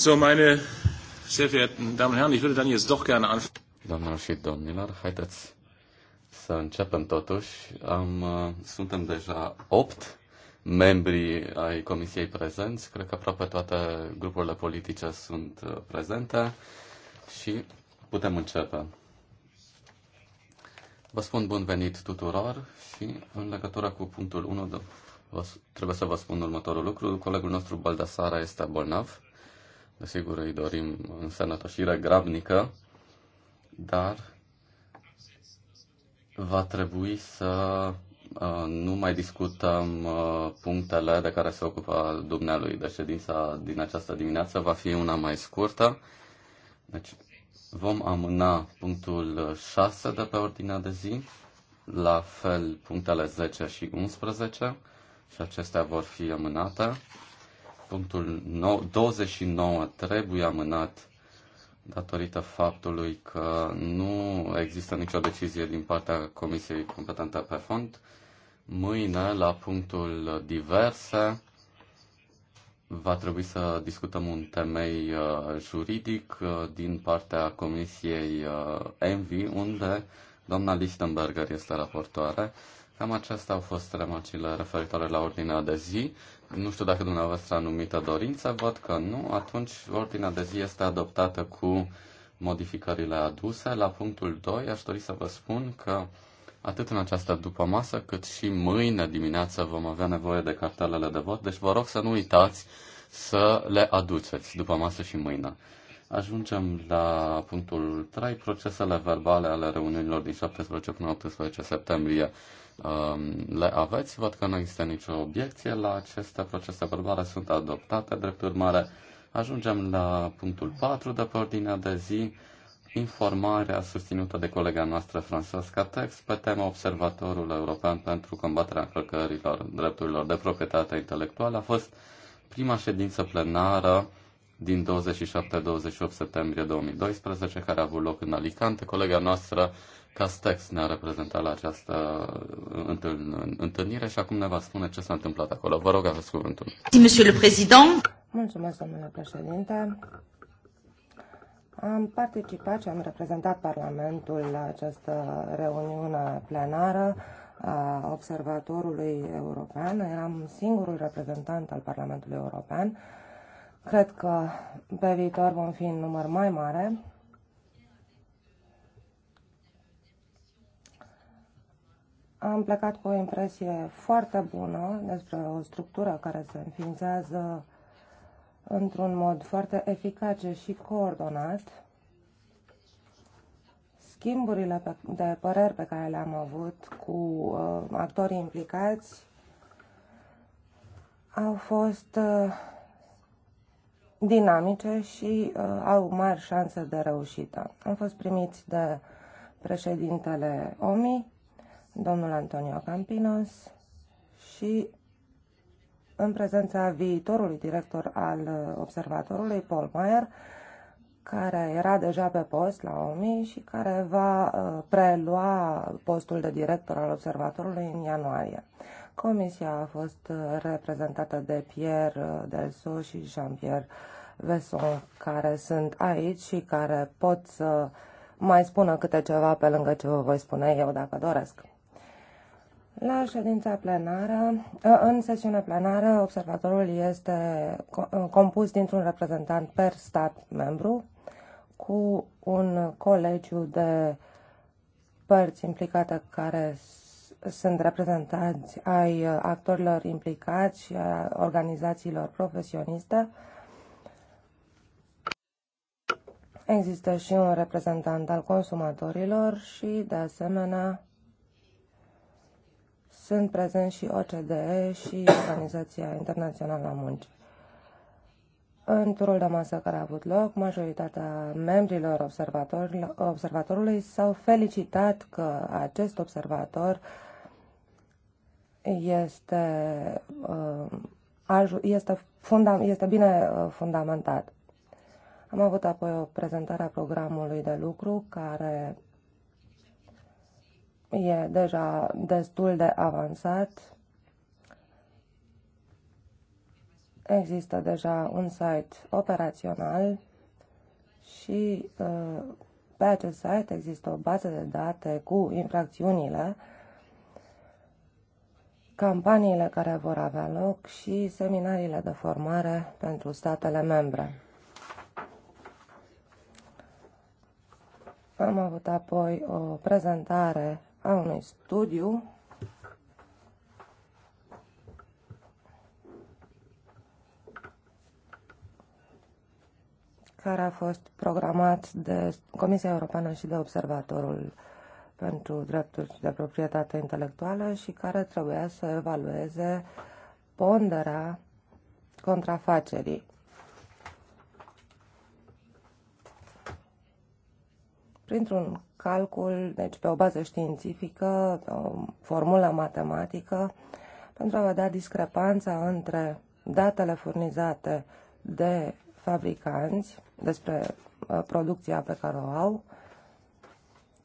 So, meine sehr verehrten Damen und Herren, ich würde dann jetzt doch gerne anfangen. Doamnelor și domnilor, haideți să începem totuși. Am, uh, suntem deja opt membri ai Comisiei prezenți. Cred că aproape toate grupurile politice sunt uh, prezente și putem începe. Vă spun bun venit tuturor și în legătură cu punctul 1 de, trebuie să vă spun următorul lucru. Colegul nostru Baldasara este bolnav Desigur, îi dorim însănătoșire grabnică, dar va trebui să uh, nu mai discutăm uh, punctele de care se ocupă dumnealui. Deci ședința din această dimineață va fi una mai scurtă. Deci vom amâna punctul 6 de pe ordinea de zi, la fel punctele 10 și 11 și acestea vor fi amânate punctul 29 trebuie amânat datorită faptului că nu există nicio decizie din partea Comisiei competente pe fond. Mâine, la punctul diverse, va trebui să discutăm un temei uh, juridic uh, din partea Comisiei uh, ENVI, unde doamna Lichtenberger este raportoare. Cam acestea au fost remarcile referitoare la ordinea de zi. Nu știu dacă dumneavoastră anumită dorință, văd că nu. Atunci ordinea de zi este adoptată cu modificările aduse. La punctul 2 aș dori să vă spun că atât în această după masă, cât și mâine dimineață vom avea nevoie de cartelele de vot, deci vă rog să nu uitați să le aduceți după masă și mâine. Ajungem la punctul 3, procesele verbale ale reuniunilor din 17 până 18 septembrie Um, le aveți. Văd că nu există nicio obiecție la aceste procese verbale, sunt adoptate. Drept urmare, ajungem la punctul 4 de pe ordinea de zi, informarea susținută de colega noastră Francesca Tex pe tema Observatorul European pentru combaterea încălcărilor drepturilor de proprietate intelectuală a fost prima ședință plenară din 27-28 septembrie 2012, care a avut loc în Alicante. Colega noastră Castex ne-a reprezentat la această uh, întâlnire și acum ne va spune ce s-a întâmplat acolo. Vă rog, aveți cuvântul. Mulțumesc, domnule președinte. Am participat și am reprezentat Parlamentul la această reuniune plenară a Observatorului European. Eram singurul reprezentant al Parlamentului European. Cred că pe viitor vom fi în număr mai mare am plecat cu o impresie foarte bună despre o structură care se înființează într-un mod foarte eficace și coordonat. Schimburile de păreri pe care le-am avut cu uh, actorii implicați au fost uh, dinamice și uh, au mari șanse de reușită. Am fost primiți de președintele OMI, domnul Antonio Campinos și în prezența viitorului director al uh, observatorului, Paul Mayer, care era deja pe post la OMI și care va uh, prelua postul de director al observatorului în ianuarie. Comisia a fost uh, reprezentată de Pierre Delso și Jean-Pierre Vesson, care sunt aici și care pot să mai spună câte ceva pe lângă ce vă voi spune eu dacă doresc. La ședința plenară, ă, în sesiunea plenară, observatorul este ă, compus dintr-un reprezentant per stat membru cu un colegiu de părți implicate care sunt reprezentanți ai ă, actorilor implicați și a organizațiilor profesioniste. Există și un reprezentant al consumatorilor și, de asemenea, sunt prezenți și OCDE și Organizația Internațională a Muncii. În turul de masă care a avut loc, majoritatea membrilor observatorului s-au felicitat că acest observator este, uh, este, funda, este bine uh, fundamentat. Am avut apoi o prezentare a programului de lucru care e deja destul de avansat. Există deja un site operațional și uh, pe acest site există o bază de date cu infracțiunile, campaniile care vor avea loc și seminariile de formare pentru statele membre. Am avut apoi o prezentare a unui studiu care a fost programat de Comisia Europeană și de Observatorul pentru Drepturi de Proprietate Intelectuală și care trebuia să evalueze ponderea contrafacerii. Printr-un calcul, deci pe o bază științifică, o formulă matematică, pentru a vedea discrepanța între datele furnizate de fabricanți despre uh, producția pe care o au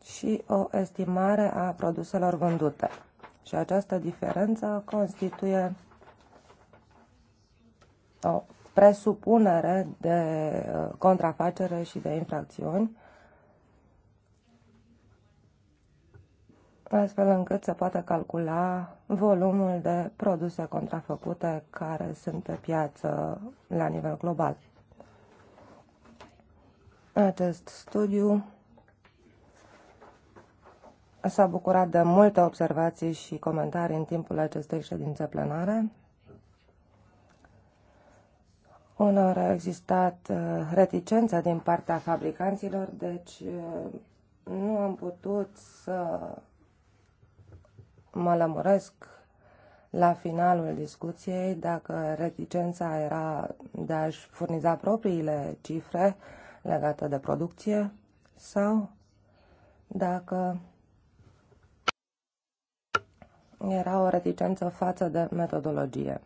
și o estimare a produselor vândute. Și această diferență constituie o presupunere de uh, contrafacere și de infracțiuni astfel încât să poată calcula volumul de produse contrafăcute care sunt pe piață la nivel global. Acest studiu s-a bucurat de multe observații și comentarii în timpul acestei ședințe plenare. Unor a existat uh, reticență din partea fabricanților, deci uh, nu am putut să mă lămuresc la finalul discuției dacă reticența era de a-și furniza propriile cifre legate de producție sau dacă era o reticență față de metodologie.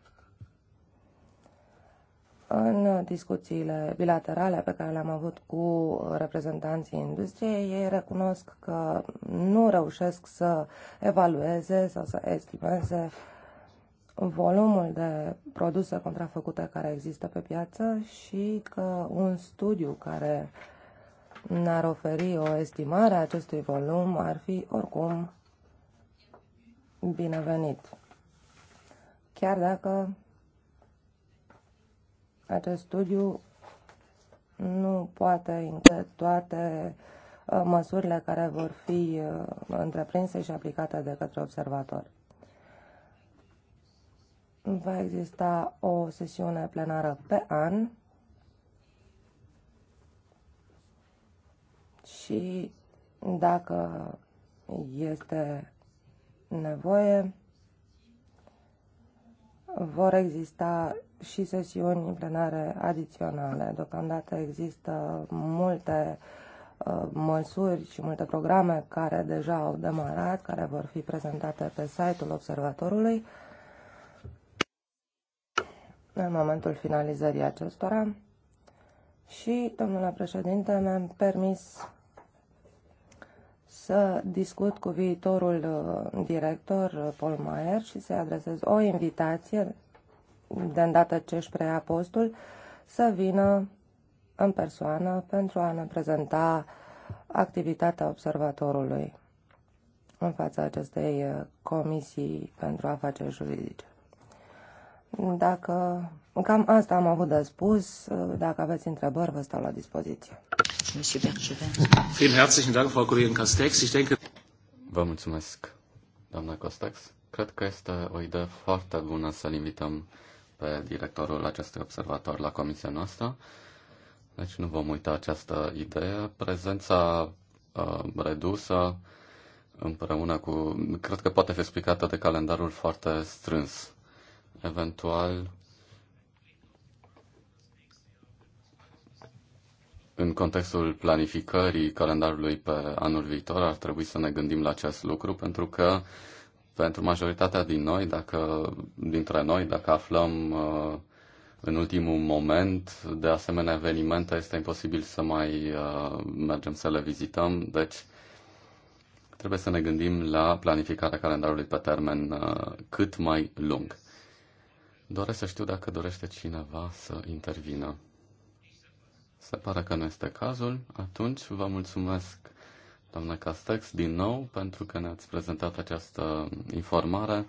În discuțiile bilaterale pe care le-am avut cu reprezentanții industriei, ei recunosc că nu reușesc să evalueze sau să estimeze volumul de produse contrafăcute care există pe piață și că un studiu care ne-ar oferi o estimare a acestui volum ar fi oricum binevenit. Chiar dacă acest studiu nu poate include toate uh, măsurile care vor fi uh, întreprinse și aplicate de către observatori. Va exista o sesiune plenară pe an și dacă este nevoie, vor exista și sesiuni plenare adiționale. Deocamdată există multe uh, măsuri și multe programe care deja au demarat, care vor fi prezentate pe site-ul observatorului în momentul finalizării acestora. Și, domnule președinte, mi-am permis să discut cu viitorul uh, director uh, Paul Maier și să-i adresez o invitație de îndată ce își preia postul, să vină în persoană pentru a ne prezenta activitatea observatorului în fața acestei uh, comisii pentru afaceri juridice. Dacă cam asta am avut de spus, uh, dacă aveți întrebări, vă stau la dispoziție. Vă mulțumesc, doamna Costex. Cred că este o idee foarte bună să-l invităm pe directorul acestui observator la comisia noastră. Deci nu vom uita această idee. Prezența uh, redusă împreună cu... Cred că poate fi explicată de calendarul foarte strâns. Eventual, în contextul planificării calendarului pe anul viitor, ar trebui să ne gândim la acest lucru, pentru că uh, pentru majoritatea din noi, dacă, dintre noi, dacă aflăm uh, în ultimul moment de asemenea evenimente, este imposibil să mai uh, mergem să le vizităm, deci trebuie să ne gândim la planificarea calendarului pe termen uh, cât mai lung. Doresc să știu dacă dorește cineva să intervină. Se pare că nu este cazul. Atunci vă mulțumesc doamna Castex, din nou, pentru că ne-ați prezentat această informare,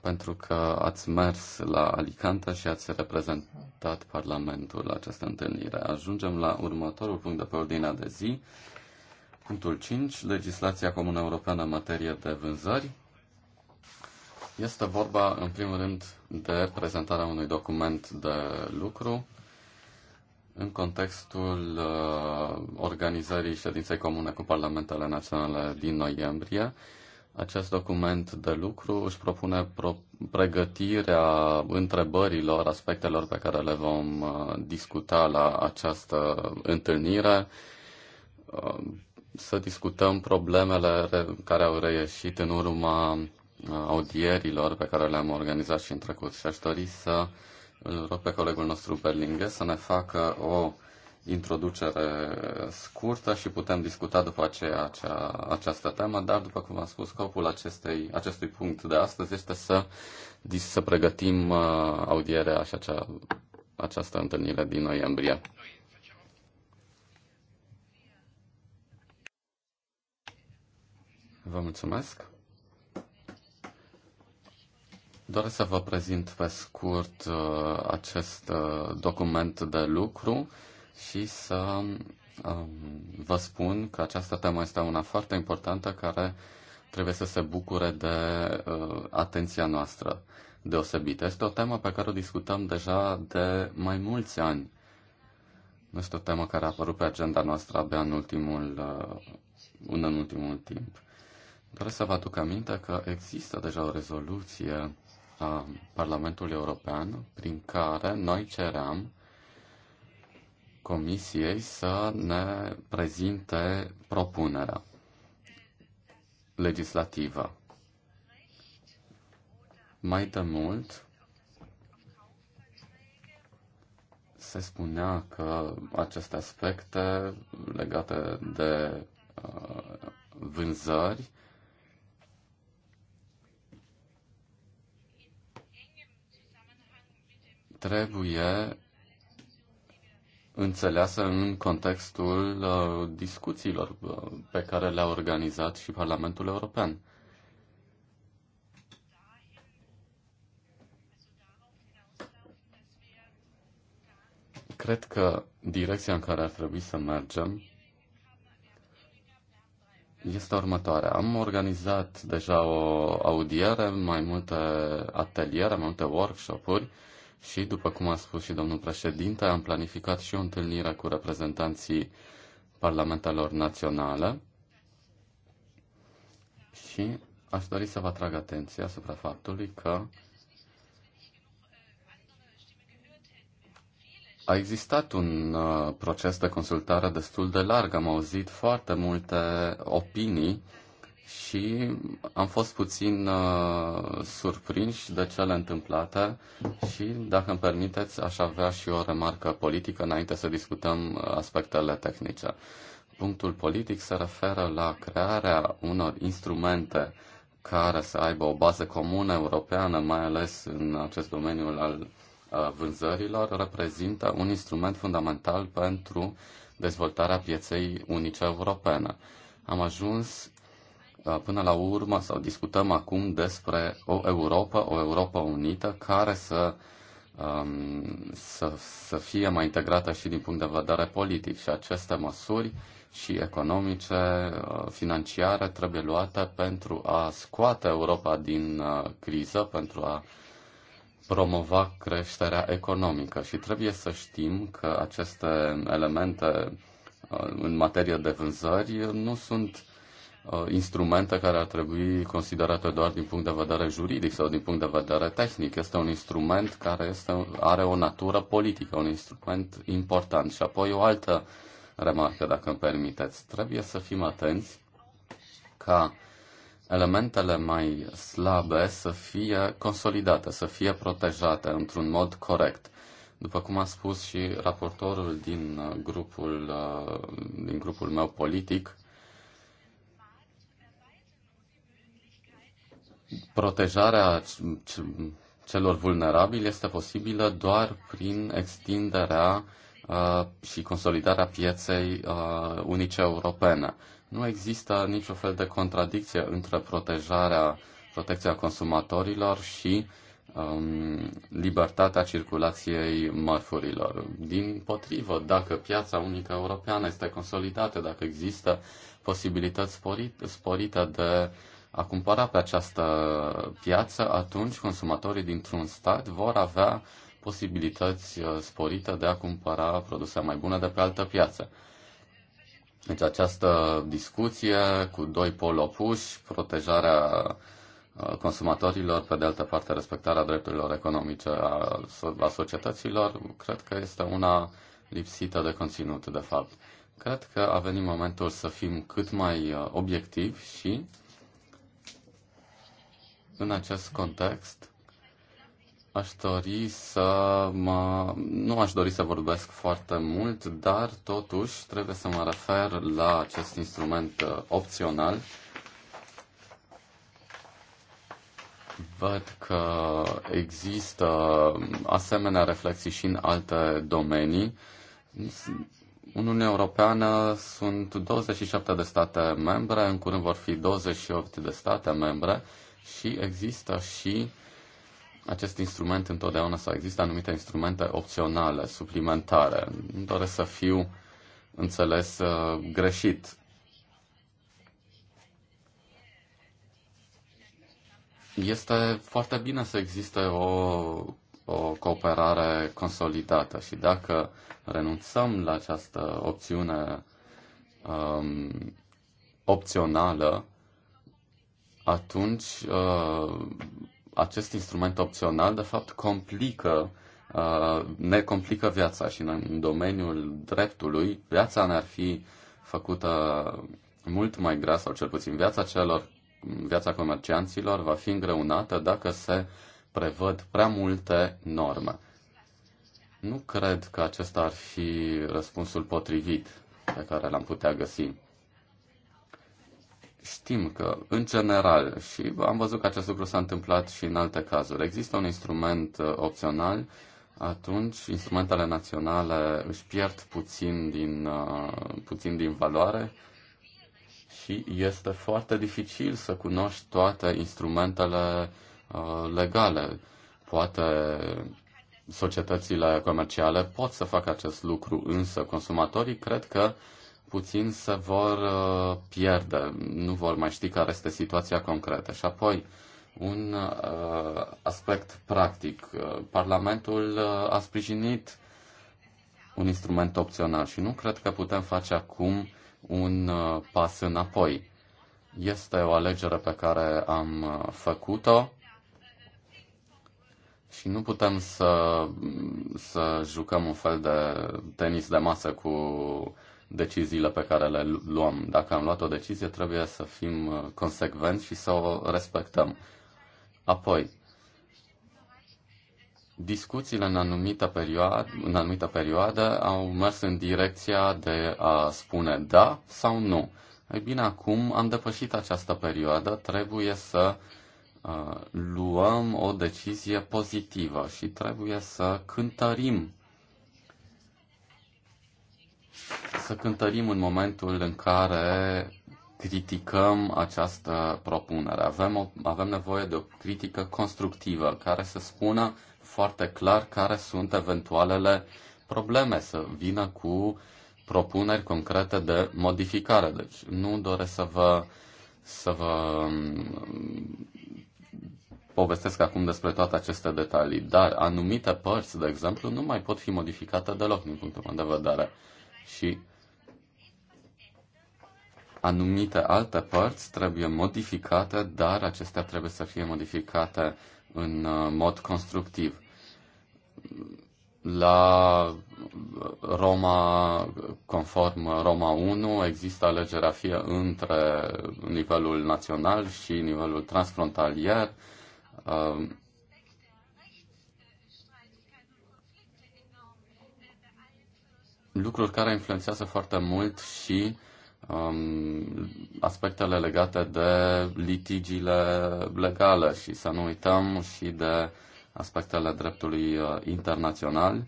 pentru că ați mers la Alicante și ați reprezentat Parlamentul la această întâlnire. Ajungem la următorul punct de pe ordinea de zi, punctul 5, legislația comună europeană în materie de vânzări. Este vorba, în primul rând, de prezentarea unui document de lucru în contextul uh, organizării ședinței comune cu Parlamentele Naționale din noiembrie, acest document de lucru își propune pro- pregătirea întrebărilor, aspectelor pe care le vom uh, discuta la această întâlnire, uh, să discutăm problemele care au reieșit în urma uh, audierilor pe care le-am organizat și în trecut și aș dori să uh, îl rog pe colegul nostru Berlinghe să ne facă o introducere scurtă și putem discuta după aceea acea, această temă, dar după cum am spus, scopul acestei, acestui punct de astăzi este să, să pregătim uh, audierea și acea, această întâlnire din noiembrie. Vă mulțumesc. Doresc să vă prezint pe scurt uh, acest uh, document de lucru și să um, vă spun că această temă este una foarte importantă care trebuie să se bucure de uh, atenția noastră deosebită. Este o temă pe care o discutăm deja de mai mulți ani. Nu este o temă care a apărut pe agenda noastră abia în ultimul, un în ultimul timp. Doresc să vă aduc aminte că există deja o rezoluție Parlamentul Parlamentului European prin care noi ceream Comisiei să ne prezinte propunerea legislativă. Mai de mult, se spunea că aceste aspecte legate de uh, vânzări trebuie înțeleasă în contextul uh, discuțiilor uh, pe care le-a organizat și Parlamentul European. Cred că direcția în care ar trebui să mergem este următoarea. Am organizat deja o audiere, mai multe ateliere, mai multe workshop-uri și, după cum a spus și domnul președinte, am planificat și o întâlnire cu reprezentanții parlamentelor naționale și aș dori să vă atrag atenția asupra faptului că A existat un uh, proces de consultare destul de larg. Am auzit foarte multe opinii și am fost puțin uh, surprinși de cele întâmplate și, dacă îmi permiteți, aș avea și o remarcă politică înainte să discutăm uh, aspectele tehnice. Punctul politic se referă la crearea unor instrumente care să aibă o bază comună europeană, mai ales în acest domeniu al uh, vânzărilor, reprezintă un instrument fundamental pentru dezvoltarea pieței unice europene. Am ajuns Uh, până la urmă, sau discutăm acum despre o Europa, o Europa unită, care să, um, să, să fie mai integrată și din punct de vedere politic. Și aceste măsuri și economice, uh, financiare, trebuie luate pentru a scoate Europa din uh, criză, pentru a promova creșterea economică. Și trebuie să știm că aceste elemente în materie de vânzări nu sunt Uh, instrumente care ar trebui considerate doar din punct de vedere juridic sau din punct de vedere tehnic. Este un instrument care este, are o natură politică, un instrument important. Și apoi o altă remarcă, dacă îmi permiteți. Trebuie să fim atenți ca elementele mai slabe să fie consolidate, să fie protejate într-un mod corect. După cum a spus și raportorul din uh, grupul, uh, din grupul meu politic, protejarea celor vulnerabili este posibilă doar prin extinderea uh, și consolidarea pieței uh, unice europene. Nu există niciun fel de contradicție între protejarea, protecția consumatorilor și um, libertatea circulației mărfurilor. Din potrivă, dacă piața unică europeană este consolidată, dacă există posibilități sporite de uh, a cumpăra pe această piață, atunci consumatorii dintr-un stat vor avea posibilități uh, sporite de a cumpăra produse mai bune de pe altă piață. Deci această discuție cu doi poli opuși, protejarea uh, consumatorilor, pe de altă parte respectarea drepturilor economice a, societăților, cred că este una lipsită de conținut, de fapt. Cred că a venit momentul să fim cât mai uh, obiectivi și în acest context, aș dori să mă... Nu aș dori să vorbesc foarte mult, dar totuși trebuie să mă refer la acest instrument uh, opțional. Văd că există asemenea reflexii și în alte domenii. În Uniunea Europeană sunt 27 de state membre, în curând vor fi 28 de state membre și există și acest instrument întotdeauna sau există anumite instrumente opționale, suplimentare. Nu doresc să fiu înțeles uh, greșit. Este foarte bine să existe o, o cooperare consolidată și dacă renunțăm la această opțiune um, opțională, atunci uh, acest instrument opțional, de fapt, complică, uh, ne complică viața și în domeniul dreptului viața ne-ar fi făcută mult mai grea, sau cel puțin viața celor, viața comercianților va fi îngreunată dacă se prevăd prea multe norme. Nu cred că acesta ar fi răspunsul potrivit pe care l-am putea găsi știm că, în general, și am văzut că acest lucru s-a întâmplat și în alte cazuri, există un instrument uh, opțional, atunci instrumentele naționale își pierd puțin din, uh, puțin din valoare și este foarte dificil să cunoști toate instrumentele uh, legale. Poate societățile comerciale pot să facă acest lucru, însă consumatorii cred că uh, puțin se vor uh, pierde, nu vor mai ști care este situația concretă. Și apoi, un uh, aspect practic. Uh, Parlamentul a sprijinit un instrument opțional și nu cred că putem face acum un pas înapoi. Este o alegere pe care am făcut-o și nu putem să, să jucăm un fel de tenis de masă cu deciziile pe care le luăm. Dacă am luat o decizie, trebuie să fim uh, consecvenți și să o respectăm. Apoi, discuțiile în anumită perioadă, în anumită perioadă au mers în direcția de a spune da sau nu. Ei bine, acum am depășit această perioadă, trebuie să uh, luăm o decizie pozitivă și trebuie să cântărim să cântărim în momentul în care criticăm această propunere. Avem, o, avem nevoie de o critică constructivă care să spună foarte clar care sunt eventualele probleme, să vină cu propuneri concrete de modificare. Deci nu doresc să vă, să vă mm, povestesc acum despre toate aceste detalii, dar anumite părți, de exemplu, nu mai pot fi modificate deloc din punctul meu de vedere și anumite alte părți trebuie modificate, dar acestea trebuie să fie modificate în uh, mod constructiv. La Roma, conform Roma 1, există alegerea fie între nivelul național și nivelul transfrontalier. Uh, lucruri care influențează foarte mult și um, aspectele legate de litigiile legale și să nu uităm și de aspectele dreptului uh, internațional.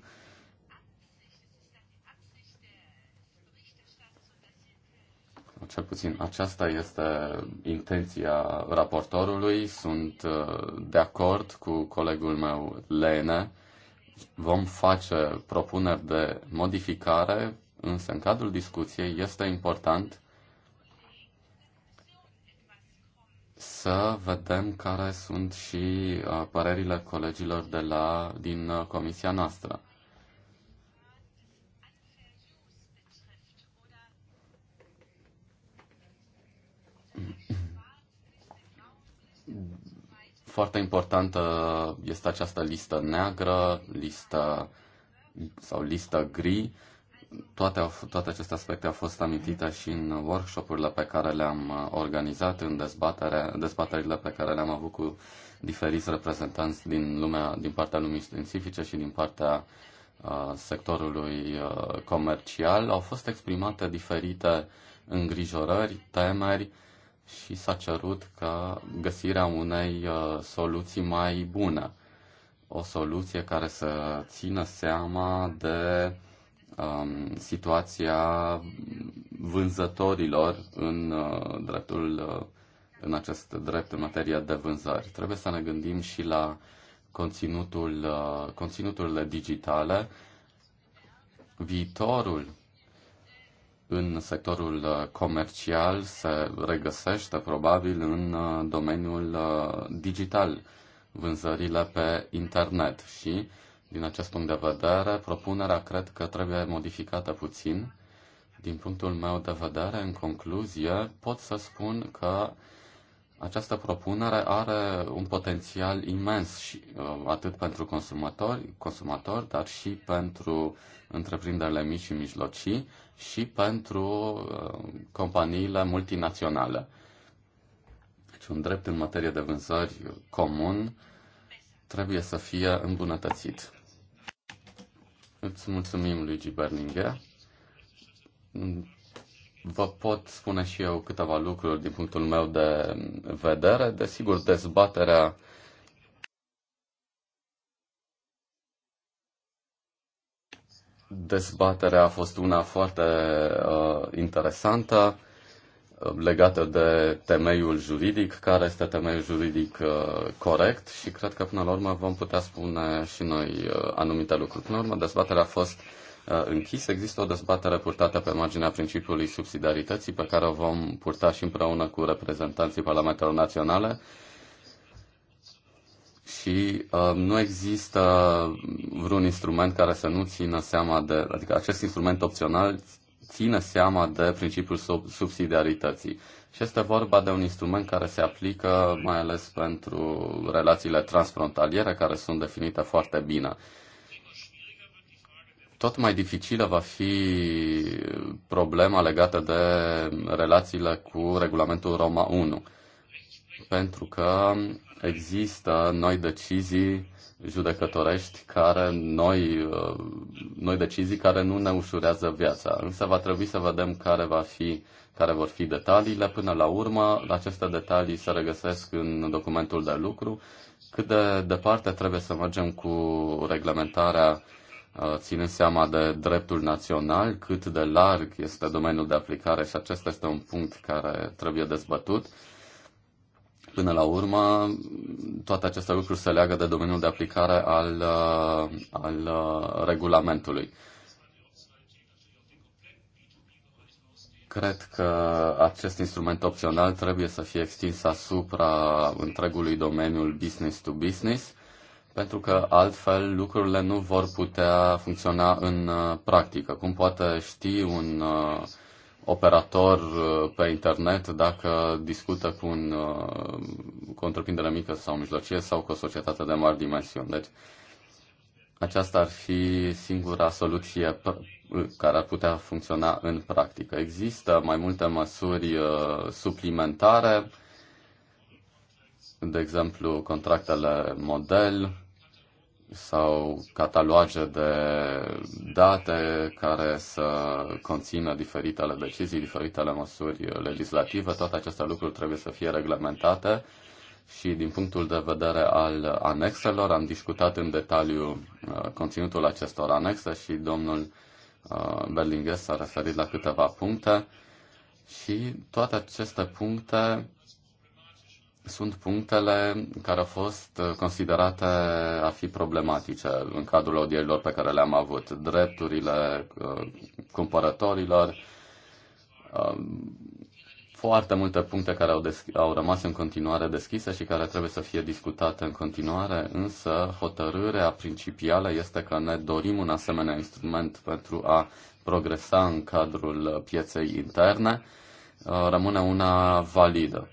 Cel puțin aceasta este intenția raportorului. Sunt uh, de acord cu colegul meu Lene Vom face propuneri de modificare, însă în cadrul discuției este important să vedem care sunt și uh, părerile colegilor de la, din uh, comisia noastră. Foarte importantă este această listă neagră, listă sau listă gri. Toate, toate aceste aspecte au fost amintite și în workshopurile pe care le-am uh, organizat, în dezbatere, dezbaterile pe care le-am avut cu diferiți reprezentanți din, lumea, din partea lumii științifice și din partea uh, sectorului uh, comercial. Au fost exprimate diferite îngrijorări, temeri, uh, și s-a cerut ca găsirea unei uh, soluții mai bune. O soluție care să țină seama de um, situația vânzătorilor în uh, dreptul uh, în acest drept în materie de vânzări. Trebuie să ne gândim și la conținutul, uh, conținuturile digitale. Viitorul în sectorul uh, comercial se regăsește probabil în uh, domeniul uh, digital, vânzările pe internet și din acest punct de vedere propunerea cred că trebuie modificată puțin. Din punctul meu de vedere, în concluzie, pot să spun că această propunere are un potențial imens și, atât pentru consumatori, consumatori, dar și pentru întreprinderile mici și mijlocii și pentru uh, companiile multinaționale. Deci un drept în materie de vânzări comun trebuie să fie îmbunătățit. Îți mulțumim, Luigi Berninger. Vă pot spune și eu câteva lucruri din punctul meu de vedere. Desigur, dezbaterea Dezbaterea a fost una foarte uh, interesantă uh, legată de temeiul juridic, care este temeiul juridic uh, corect și cred că până la urmă vom putea spune și noi uh, anumite lucruri. Până la urmă, dezbaterea a fost uh, închisă. Există o dezbatere purtată pe marginea principiului subsidiarității, pe care o vom purta și împreună cu reprezentanții Parlamentelor Naționale și uh, nu există vreun instrument care să nu țină seama de, adică acest instrument opțional ține seama de principiul sub, subsidiarității. Și este vorba de un instrument care se aplică mai ales pentru relațiile transfrontaliere care sunt definite foarte bine. Tot mai dificilă va fi problema legată de relațiile cu regulamentul Roma 1, pentru că există noi decizii judecătorești care noi, uh, noi decizii care nu ne ușurează viața. Însă va trebui să vedem care, va fi, care vor fi detaliile. Până la urmă, aceste detalii se regăsesc în documentul de lucru. Cât de departe trebuie să mergem cu reglementarea uh, ținând seama de dreptul național, cât de larg este domeniul de aplicare și acesta este un punct care trebuie dezbătut. Până la urmă, toate aceste lucruri se leagă de domeniul de aplicare al, uh, al uh, regulamentului. Cred că acest instrument opțional trebuie să fie extins asupra întregului domeniul business to business, pentru că altfel lucrurile nu vor putea funcționa în uh, practică. Cum poate ști un uh, operator uh, pe internet dacă discută cu, un, uh, cu o întreprindere mică sau mijlocie sau cu o societate de mari dimensiuni. Deci, aceasta ar fi singura soluție uh, care ar putea funcționa în practică. Există mai multe măsuri suplimentare, de exemplu, contractele model, sau cataloage de date care să conțină diferitele decizii, diferitele măsuri legislative. Toate aceste lucruri trebuie să fie reglementate și din punctul de vedere al anexelor am discutat în detaliu uh, conținutul acestor anexe și domnul uh, Berlinghes s-a referit la câteva puncte și toate aceste puncte sunt punctele care au fost uh, considerate a fi problematice în cadrul audierilor pe care le-am avut. Drepturile uh, cumpărătorilor, uh, foarte multe puncte care au, au rămas în continuare deschise și care trebuie să fie discutate în continuare, însă hotărârea principală este că ne dorim un asemenea instrument pentru a progresa în cadrul pieței interne, rămâne una validă.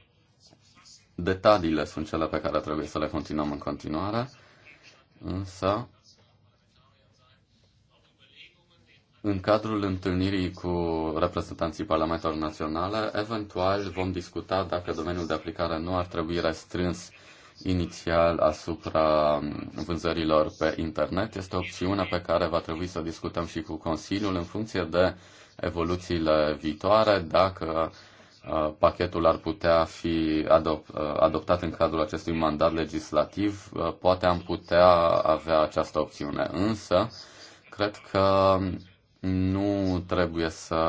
Detaliile sunt cele pe care trebuie să le continuăm în continuare, însă în cadrul întâlnirii cu reprezentanții Parlamentelor Naționale, eventual vom discuta dacă domeniul de aplicare nu ar trebui restrâns inițial asupra vânzărilor pe internet. Este o opțiune pe care va trebui să discutăm și cu Consiliul în funcție de evoluțiile viitoare, dacă Uh, pachetul ar putea fi uh, adoptat în cadrul acestui mandat legislativ, uh, poate am putea avea această opțiune. Însă, cred că nu trebuie să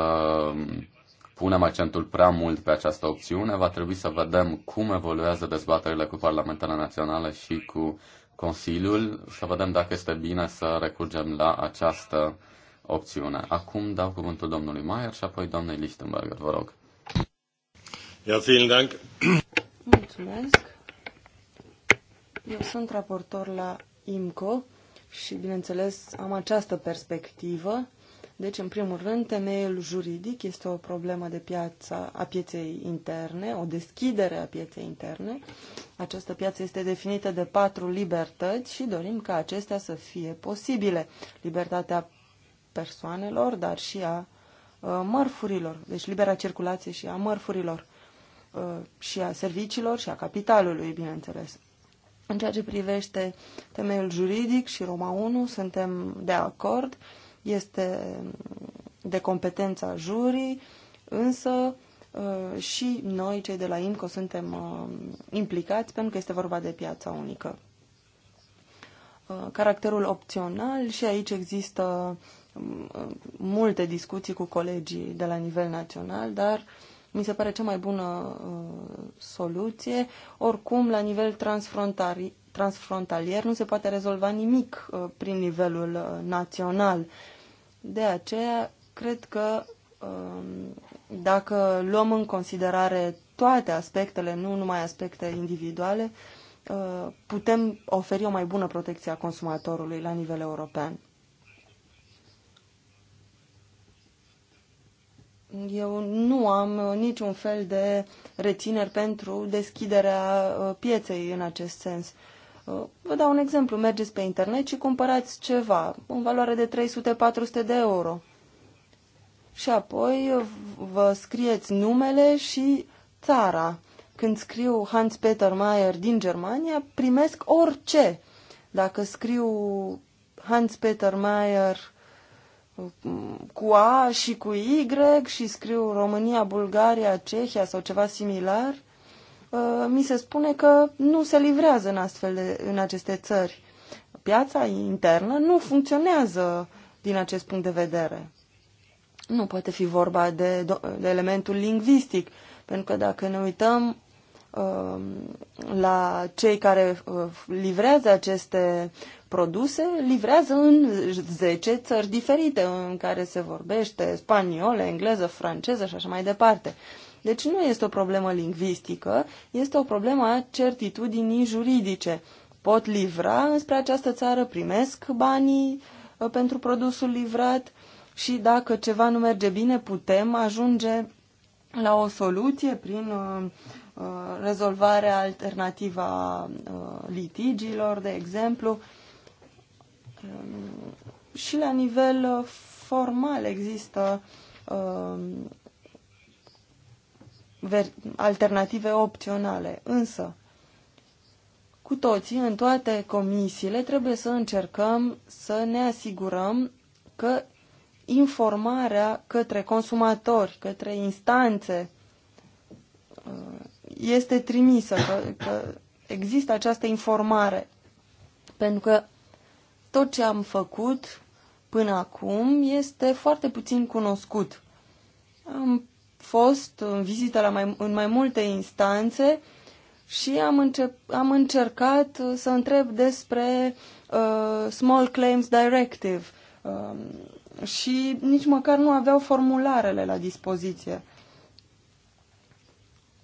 punem accentul prea mult pe această opțiune. Va trebui să vedem cum evoluează dezbaterile cu Parlamentele Naționale și cu Consiliul, să vedem dacă este bine să recurgem la această opțiune. Acum dau cuvântul domnului Maier și apoi doamnei Lichtenberger, vă rog. Mulțumesc. Eu sunt raportor la IMCO și, bineînțeles, am această perspectivă. Deci, în primul rând, temeiul juridic este o problemă de piața, a pieței interne, o deschidere a pieței interne. Această piață este definită de patru libertăți și dorim ca acestea să fie posibile. Libertatea persoanelor, dar și a uh, mărfurilor, deci libera circulație și a mărfurilor. Uh, și a serviciilor și a capitalului, bineînțeles. În ceea ce privește temeiul juridic și Roma 1, suntem de acord, este de competența jurii, însă uh, și noi, cei de la IMCO, suntem uh, implicați pentru că este vorba de piața unică. Caracterul opțional și aici există multe discuții cu colegii de la nivel național, dar uh, mi se pare cea mai bună uh, soluție. Oricum, la nivel transfrontalier nu se poate rezolva nimic uh, prin nivelul uh, național. De aceea, cred că um, dacă luăm în considerare toate aspectele, nu numai aspecte individuale, uh, putem oferi o mai bună protecție a consumatorului la nivel european. eu nu am uh, niciun fel de rețineri pentru deschiderea uh, pieței în acest sens. Uh, vă dau un exemplu. Mergeți pe internet și cumpărați ceva în valoare de 300-400 de euro. Și apoi vă scrieți numele și țara. Când scriu Hans Peter Mayer din Germania, primesc orice. Dacă scriu Hans Peter Mayer cu A și cu Y și scriu România, Bulgaria, Cehia sau ceva similar, uh, mi se spune că nu se livrează în, astfel de, în aceste țări. Piața internă nu funcționează din acest punct de vedere. Nu poate fi vorba de, de elementul lingvistic, pentru că dacă ne uităm uh, la cei care uh, livrează aceste produse livrează în 10 țări diferite în care se vorbește spaniolă, engleză, franceză și așa mai departe. Deci nu este o problemă lingvistică, este o problemă a certitudinii juridice. Pot livra înspre această țară, primesc banii uh, pentru produsul livrat și dacă ceva nu merge bine, putem ajunge la o soluție prin uh, uh, rezolvarea alternativă a litigiilor, de exemplu, Um, și la nivel uh, formal există um, alternative opționale, însă cu toții, în toate comisiile, trebuie să încercăm să ne asigurăm că informarea către consumatori, către instanțe, uh, este trimisă, că, că există această informare. Pentru că tot ce am făcut până acum este foarte puțin cunoscut. Am fost în vizită la mai, în mai multe instanțe și am, încep, am încercat uh, să întreb despre uh, Small Claims Directive uh, și nici măcar nu aveau formularele la dispoziție.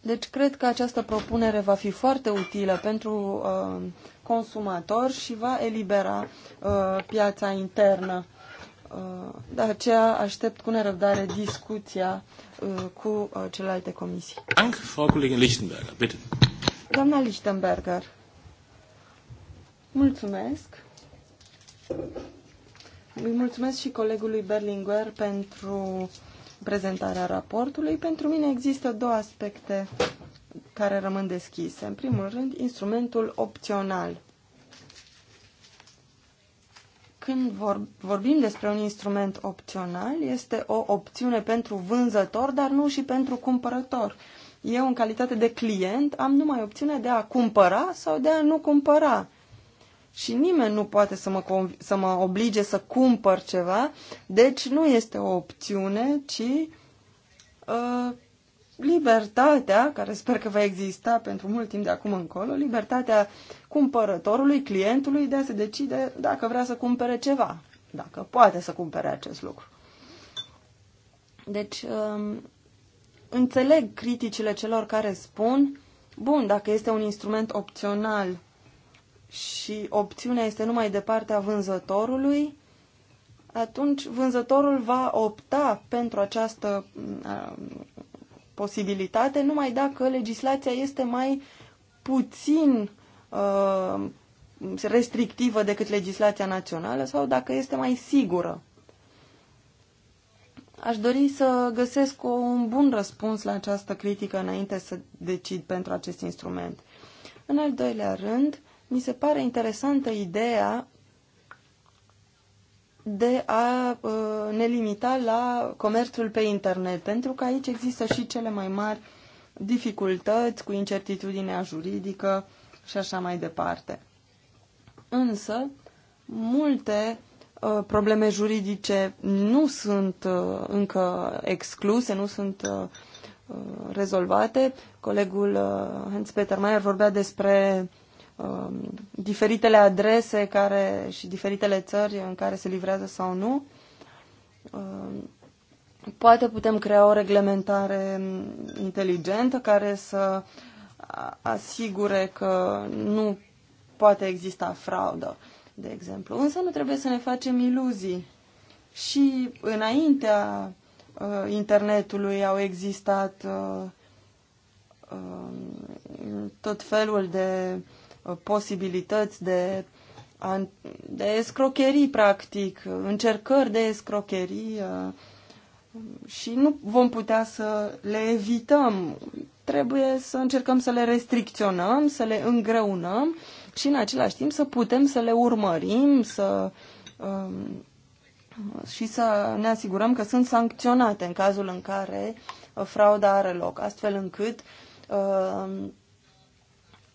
Deci cred că această propunere va fi foarte utilă pentru uh, consumator și va elibera uh, piața internă. Uh, de aceea aștept cu nerăbdare discuția uh, cu uh, celelalte comisii. Dank, Frau Kollegin Lichtenberger, bitte. Doamna Lichtenberger, mulțumesc. Îi mulțumesc și colegului Berlinguer pentru prezentarea raportului. Pentru mine există două aspecte care rămân deschise. În primul rând, instrumentul opțional. Când vorbim despre un instrument opțional, este o opțiune pentru vânzător, dar nu și pentru cumpărător. Eu, în calitate de client, am numai opțiunea de a cumpăra sau de a nu cumpăra. Și nimeni nu poate să mă, să mă oblige să cumpăr ceva, deci nu este o opțiune, ci uh, libertatea, care sper că va exista pentru mult timp de acum încolo, libertatea cumpărătorului, clientului de a se decide dacă vrea să cumpere ceva, dacă poate să cumpere acest lucru. Deci, um, înțeleg criticile celor care spun, bun, dacă este un instrument opțional și opțiunea este numai de partea vânzătorului, atunci vânzătorul va opta pentru această um, posibilitate numai dacă legislația este mai puțin uh, restrictivă decât legislația națională sau dacă este mai sigură. Aș dori să găsesc un bun răspuns la această critică înainte să decid pentru acest instrument. În al doilea rând, mi se pare interesantă ideea de a uh, ne limita la comerțul pe internet, pentru că aici există și cele mai mari dificultăți cu incertitudinea juridică și așa mai departe. Însă, multe uh, probleme juridice nu sunt uh, încă excluse, nu sunt rezolvate. Colegul Hans Peter Mayer vorbea despre Um, diferitele adrese care, și diferitele țări în care se livrează sau nu. Um, poate putem crea o reglementare inteligentă care să asigure că nu poate exista fraudă, de exemplu. Însă nu trebuie să ne facem iluzii. Și înaintea uh, internetului au existat uh, uh, tot felul de uh, posibilități de, de escrocherii, practic, încercări de escrocherii uh, și nu vom putea să le evităm. Trebuie să încercăm să le restricționăm, să le îngreunăm și în același timp să putem să le urmărim să, um, și să ne asigurăm că sunt sancționate în cazul în care frauda are loc, astfel încât um,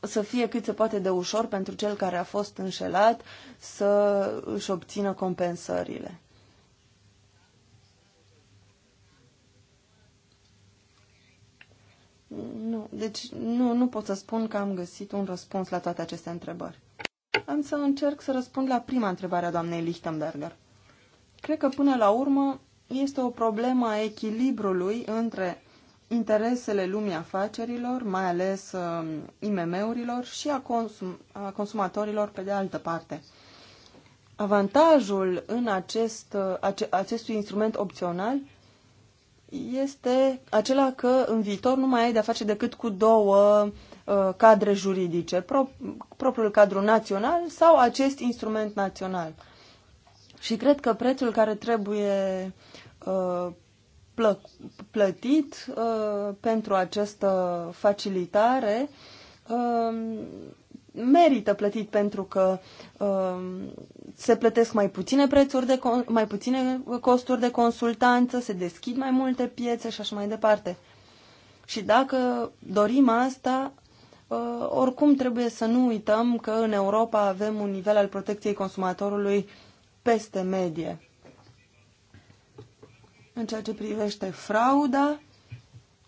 să fie cât se poate de ușor pentru cel care a fost înșelat să își obțină compensările. Nu, deci nu, nu pot să spun că am găsit un răspuns la toate aceste întrebări. Am să încerc să răspund la prima întrebare a doamnei Lichtenberger. Cred că până la urmă este o problemă a echilibrului între interesele lumii afacerilor, mai ales uh, IMM-urilor și a, consum- a consumatorilor pe de altă parte. Avantajul în acest, uh, ace- acestui instrument opțional este acela că în viitor nu mai ai de-a face decât cu două uh, cadre juridice, pro- propriul cadru național sau acest instrument național. Și cred că prețul care trebuie uh, plă, plătit uh, pentru această facilitare uh, merită plătit pentru că uh, se plătesc mai puține prețuri de mai puține costuri de consultanță, se deschid mai multe piețe și așa mai departe. Și dacă dorim asta, uh, oricum trebuie să nu uităm că în Europa avem un nivel al protecției consumatorului peste medie. În ceea ce privește frauda,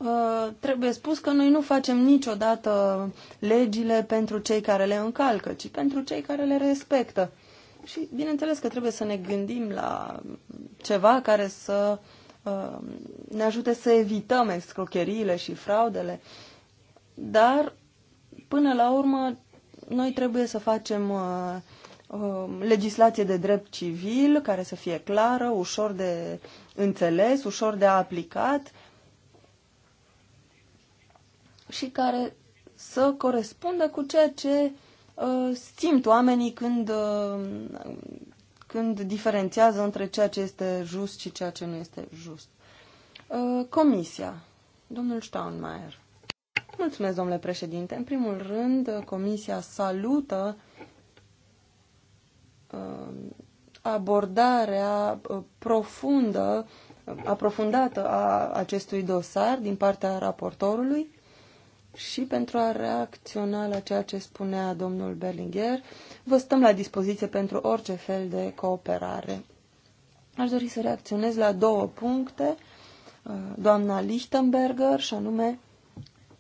ă, trebuie spus că noi nu facem niciodată legile pentru cei care le încalcă, ci pentru cei care le respectă. Și bineînțeles că trebuie să ne gândim la ceva care să ă, ne ajute să evităm escrocheriile și fraudele, dar până la urmă noi trebuie să facem ă, legislație de drept civil care să fie clară, ușor de înțeles, ușor de aplicat și care să corespundă cu ceea ce uh, simt oamenii când, uh, când diferențiază între ceea ce este just și ceea ce nu este just. Uh, comisia. Domnul Steinmeier. Mulțumesc, domnule președinte. În primul rând, uh, comisia salută uh, abordarea uh, profundă, uh, aprofundată a acestui dosar din partea raportorului și pentru a reacționa la ceea ce spunea domnul Berlinger, vă stăm la dispoziție pentru orice fel de cooperare. Aș dori să reacționez la două puncte, uh, doamna Lichtenberger, și anume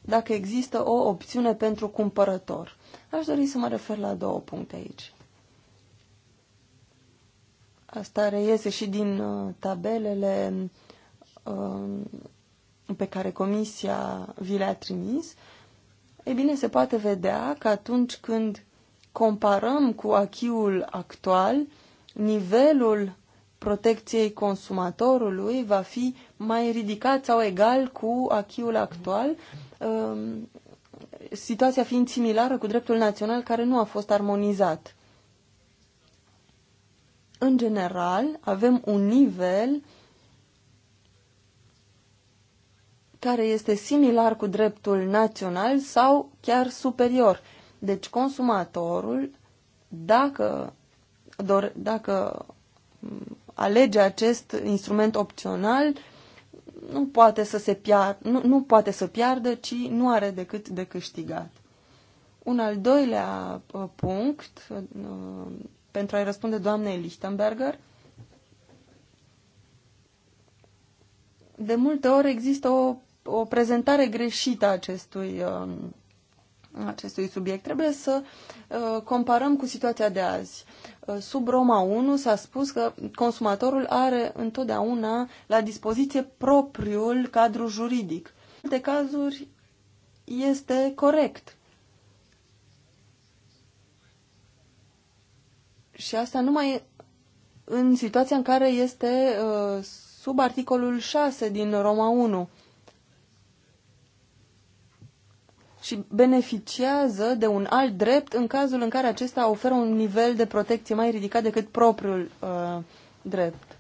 dacă există o opțiune pentru cumpărător. Aș dori să mă refer la două puncte aici. Asta reiese și din uh, tabelele uh, pe care Comisia vi le-a trimis. E bine, se poate vedea că atunci când comparăm cu achiul actual, nivelul protecției consumatorului va fi mai ridicat sau egal cu achiul actual, um, situația fiind similară cu dreptul național care nu a fost armonizat în general, avem un nivel care este similar cu dreptul național sau chiar superior. Deci consumatorul, dacă, dor, dacă mm, alege acest instrument opțional, nu poate să se piar, nu, nu poate să piardă, ci nu are decât de câștigat. Un al doilea uh, punct uh, pentru a-i răspunde doamnei Lichtenberger. De multe ori există o, o prezentare greșită a acestui, um, acestui subiect. Trebuie să uh, comparăm cu situația de azi. Uh, sub Roma 1 s-a spus că consumatorul are întotdeauna la dispoziție propriul cadru juridic. În multe cazuri este corect Și asta numai în situația în care este uh, sub articolul 6 din Roma 1 și beneficiază de un alt drept în cazul în care acesta oferă un nivel de protecție mai ridicat decât propriul uh, drept.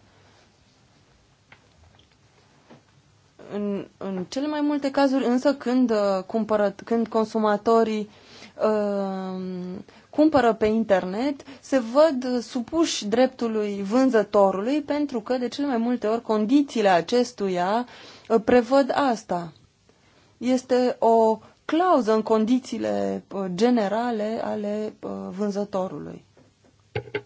În, în cele mai multe cazuri, însă, când, uh, cumpără, când consumatorii uh, cumpără pe internet se văd supuși dreptului vânzătorului pentru că de cele mai multe ori condițiile acestuia uh, prevăd asta. Este o clauză în condițiile uh, generale ale uh, vânzătorului. Äh,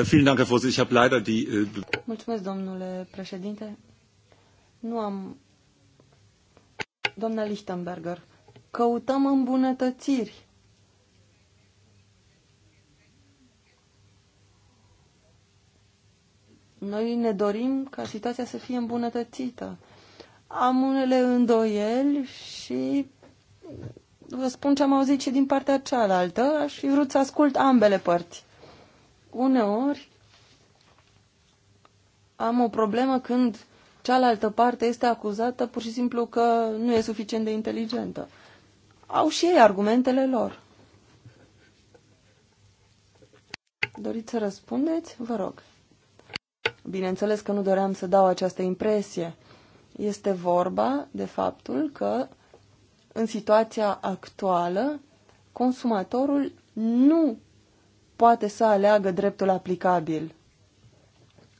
äh, Mulțumesc, domnule președinte. Nu am Doamna Lichtenberger căutăm îmbunătățiri. Noi ne dorim ca situația să fie îmbunătățită. Am unele îndoieli și vă spun ce am auzit și din partea cealaltă. Aș fi vrut să ascult ambele părți. Uneori am o problemă când cealaltă parte este acuzată pur și simplu că nu e suficient de inteligentă au și ei argumentele lor. Doriți să răspundeți? Vă rog. Bineînțeles că nu doream să dau această impresie. Este vorba de faptul că în situația actuală consumatorul nu poate să aleagă dreptul aplicabil.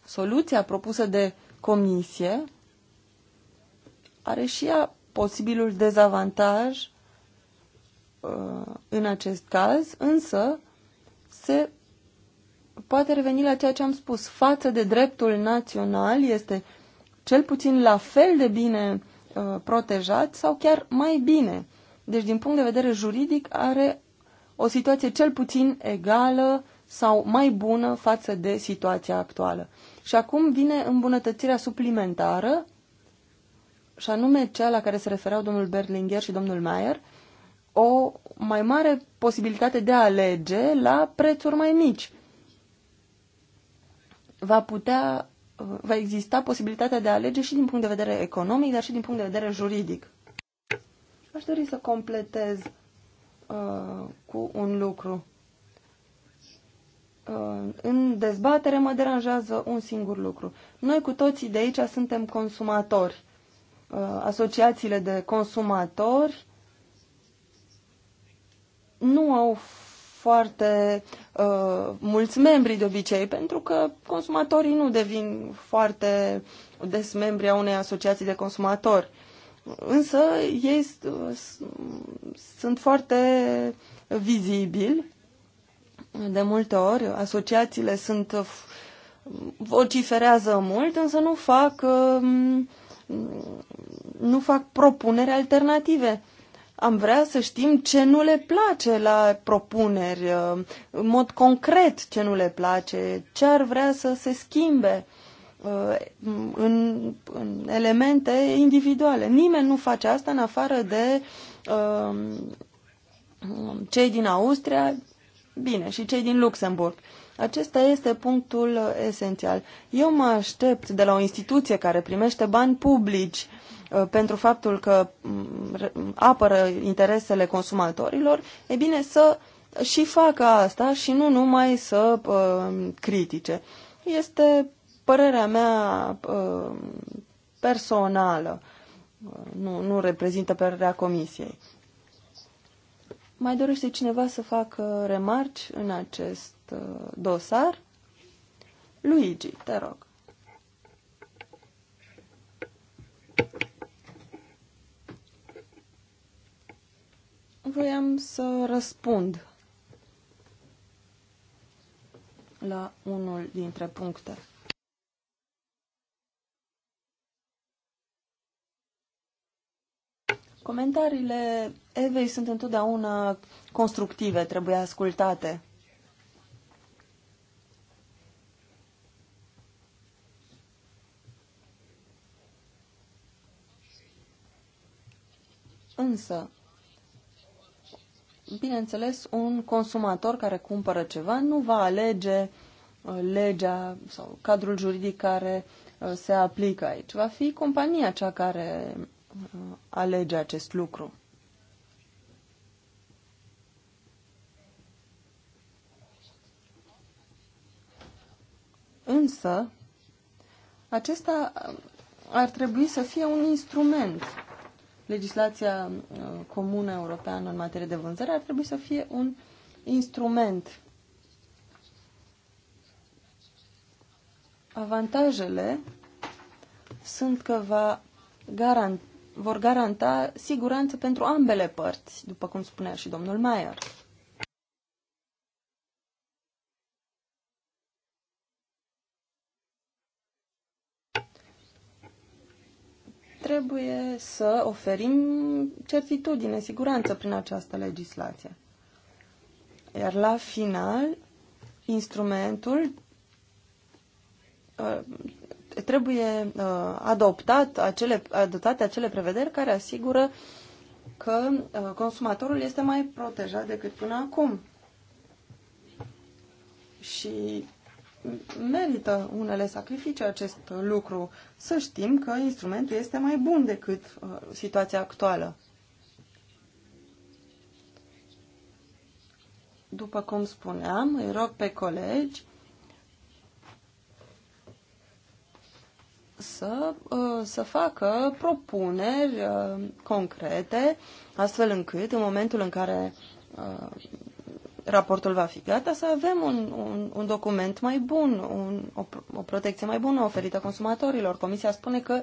Soluția propusă de comisie are și ea posibilul dezavantaj Uh, în acest caz, însă se poate reveni la ceea ce am spus. Față de dreptul național este cel puțin la fel de bine uh, protejat sau chiar mai bine. Deci, din punct de vedere juridic, are o situație cel puțin egală sau mai bună față de situația actuală. Și acum vine îmbunătățirea suplimentară, și anume cea la care se refereau domnul Berlinger și domnul Mayer, uh, o mai mare posibilitate de a alege la prețuri mai mici. Va putea, va exista posibilitatea de a alege și din punct de vedere economic, dar și din punct de vedere juridic. Aș dori să completez uh, cu un lucru. Uh, în dezbatere mă deranjează un singur lucru. Noi cu toții de aici suntem consumatori. Uh, asociațiile de consumatori nu au foarte uh, mulți membri de obicei, pentru că consumatorii nu devin foarte des membri a unei asociații de consumatori. Însă ei sunt foarte vizibili de multe ori. Asociațiile sunt vociferează mult, însă nu fac, uh, nu fac propuneri alternative am vrea să știm ce nu le place la propuneri, uh, în mod concret ce nu le place, ce ar vrea să se schimbe uh, în, în elemente individuale. Nimeni nu face asta în afară de uh, cei din Austria, bine, și cei din Luxemburg. Acesta este punctul esențial. Eu mă aștept de la o instituție care primește bani publici uh, pentru faptul că mm, apără interesele consumatorilor, e bine să și facă asta și nu numai să uh, critique. Este părerea mea uh, personală, uh, nu, nu reprezintă părerea comisiei. Mai dorește cineva să facă remarci în acest Uh, dosar. Luigi, te rog. Voiam să răspund la unul dintre puncte. Comentariile Evei sunt întotdeauna constructive, trebuie ascultate. Însă, bineînțeles, un consumator care cumpără ceva nu va alege uh, legea sau cadrul juridic care uh, se aplică aici. Va fi compania cea care uh, alege acest lucru. Însă, acesta ar trebui să fie un instrument legislația uh, comună europeană în materie de vânzare ar trebui să fie un instrument. Avantajele sunt că va garant, vor garanta siguranță pentru ambele părți, după cum spunea și domnul Mayer. trebuie să oferim certitudine, siguranță prin această legislație. Iar la final, instrumentul uh, trebuie uh, adoptat acele, adoptate acele prevederi care asigură că uh, consumatorul este mai protejat decât până acum. Și merită unele sacrificii acest lucru. Să știm că instrumentul este mai bun decât uh, situația actuală. După cum spuneam, îi rog pe colegi să, uh, să facă propuneri uh, concrete, astfel încât în momentul în care uh, raportul va fi gata, să avem un, un, un document mai bun, un, o, o protecție mai bună oferită consumatorilor. Comisia spune că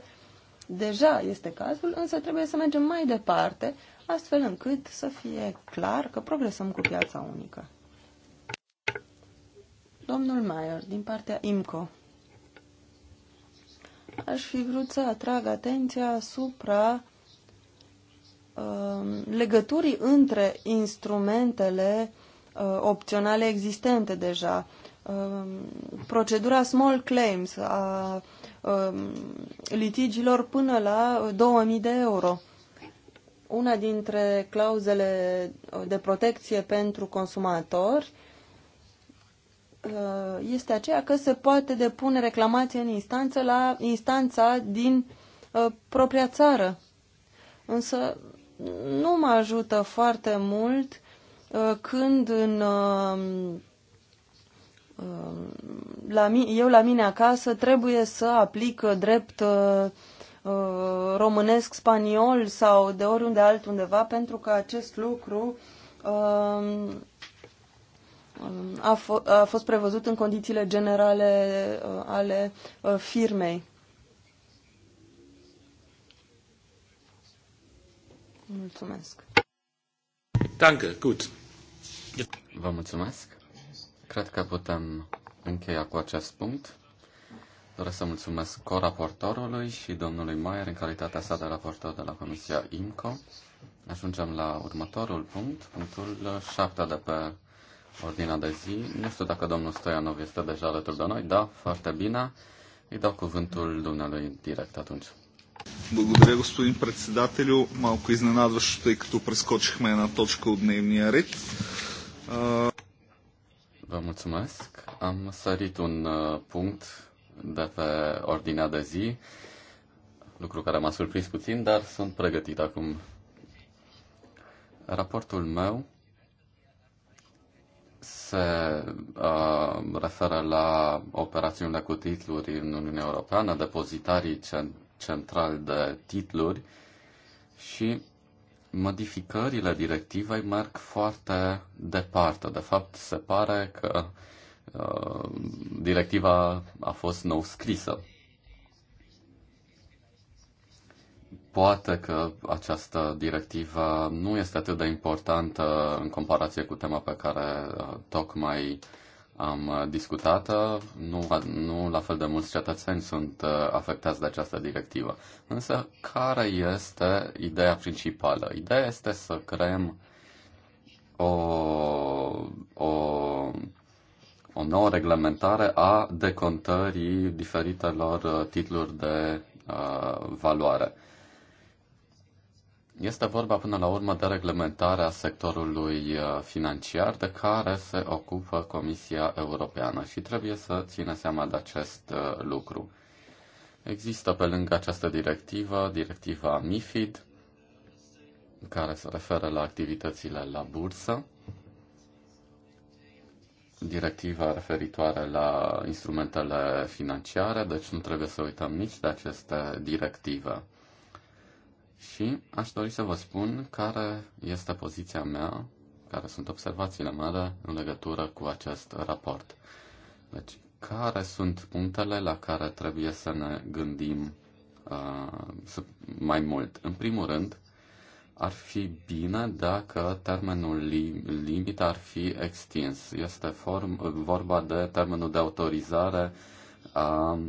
deja este cazul, însă trebuie să mergem mai departe, astfel încât să fie clar că progresăm cu piața unică. Domnul Maier, din partea IMCO. Aș fi vrut să atrag atenția asupra um, legăturii între instrumentele Uh, opționale existente deja. Um, procedura small claims a um, litigilor până la 2000 de euro. Una dintre clauzele uh, de protecție pentru consumatori uh, este aceea că se poate depune reclamație în instanță la instanța din propria țară. Însă nu mă ajută foarte mult Uh, când în, uh, uh, la, eu la mine acasă trebuie să aplic drept românesc, spaniol sau de oriunde altundeva pentru că acest lucru a, a fost prevăzut în condițiile generale ale firmei. Mulțumesc. Danke, gut. Vă mulțumesc. Cred că putem încheia cu acest punct. Doresc să mulțumesc co-raportorului și domnului Maier în calitatea sa de raportor de la Comisia IMCO. Ajungem la următorul punct, punctul 7 de pe ordinea de zi. Nu știu dacă domnul Stoianov este deja alături de noi. Da, foarte bine. Îi dau cuvântul dumnealui direct atunci. Благодаря, господин председателю. Малко изненадващо, тъй като прескочихме една точка от дневния ред. Vă mulțumesc. Am sărit un punct de pe ordinea de zi, lucru care m-a surprins puțin, dar sunt pregătit acum. Raportul meu se uh, referă la operațiunile cu titluri în Uniunea Europeană, depozitarii cent- central de titluri și modificările directivei merg foarte departe. De fapt, se pare că uh, directiva a fost nou scrisă. Poate că această directivă nu este atât de importantă în comparație cu tema pe care uh, tocmai uh, am uh, discutat. Uh, nu, nu la fel de mulți cetățeni sunt uh, afectați de această directivă. Însă, care este ideea principală? Ideea este să creăm o, o, o nouă reglementare a decontării diferitelor titluri de uh, valoare. Uh, este vorba până la urmă de reglementarea sectorului uh, financiar de care se ocupă Comisia Europeană și trebuie să țină seama de acest uh, lucru. Există pe lângă această directivă, directiva MIFID, care se referă la activitățile la bursă, directiva referitoare la instrumentele financiare, deci nu trebuie să uităm nici de aceste directive. Și aș dori să vă spun care este poziția mea, care sunt observațiile mele în legătură cu acest raport. Deci, care sunt punctele la care trebuie să ne gândim uh, mai mult? În primul rând, ar fi bine dacă termenul lim- limit ar fi extins. Este form, vorba de termenul de autorizare a uh,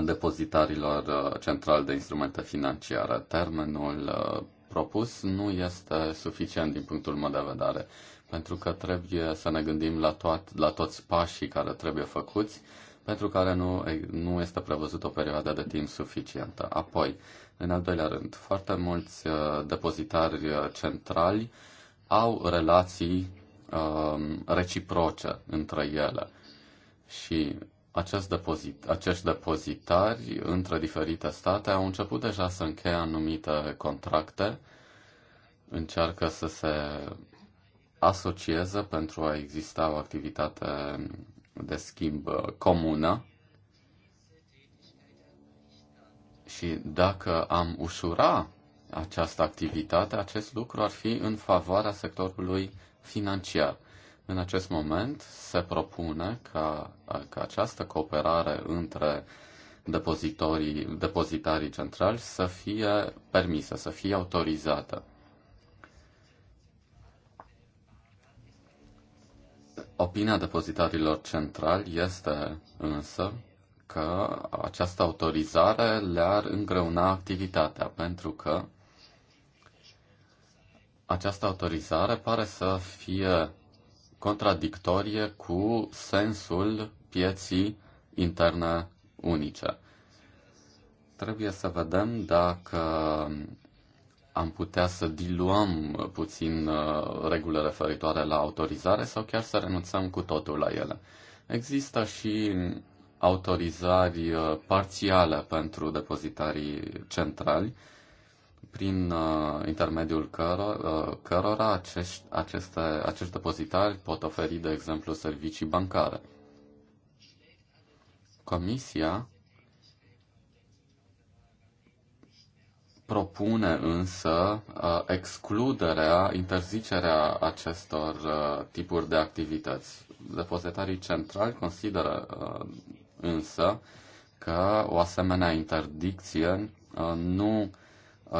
depozitarilor uh, centrali de instrumente financiare. Termenul uh, propus nu este suficient din punctul meu de vedere, pentru că trebuie să ne gândim la, toat, la toți pașii care trebuie făcuți, pentru care nu, nu este prevăzut o perioadă de timp suficientă. Apoi, în al doilea rând, foarte mulți uh, depozitari centrali au relații um, reciproce între ele. Și acest depozit, acești depozitari între diferite state au început deja să încheie anumite contracte, încearcă să se asocieze pentru a exista o activitate de schimb comună. Și dacă am ușura această activitate, acest lucru ar fi în favoarea sectorului financiar. În acest moment se propune ca, ca această cooperare între depozitorii, depozitarii centrali să fie permisă, să fie autorizată. Opinia depozitarilor centrali este însă că această autorizare le-ar îngreuna activitatea, pentru că această autorizare pare să fie contradictorie cu sensul pieții interne unice. Trebuie să vedem dacă am putea să diluăm puțin uh, regulile referitoare la autorizare sau chiar să renunțăm cu totul la ele. Există și autorizări uh, parțiale pentru depozitarii centrali, prin uh, intermediul căro, uh, cărora acești, aceste, acești depozitari pot oferi, de exemplu, servicii bancare. Comisia propune însă uh, excluderea, interzicerea acestor uh, tipuri de activități. Depozitarii centrali consideră uh, însă că o asemenea interdicție nu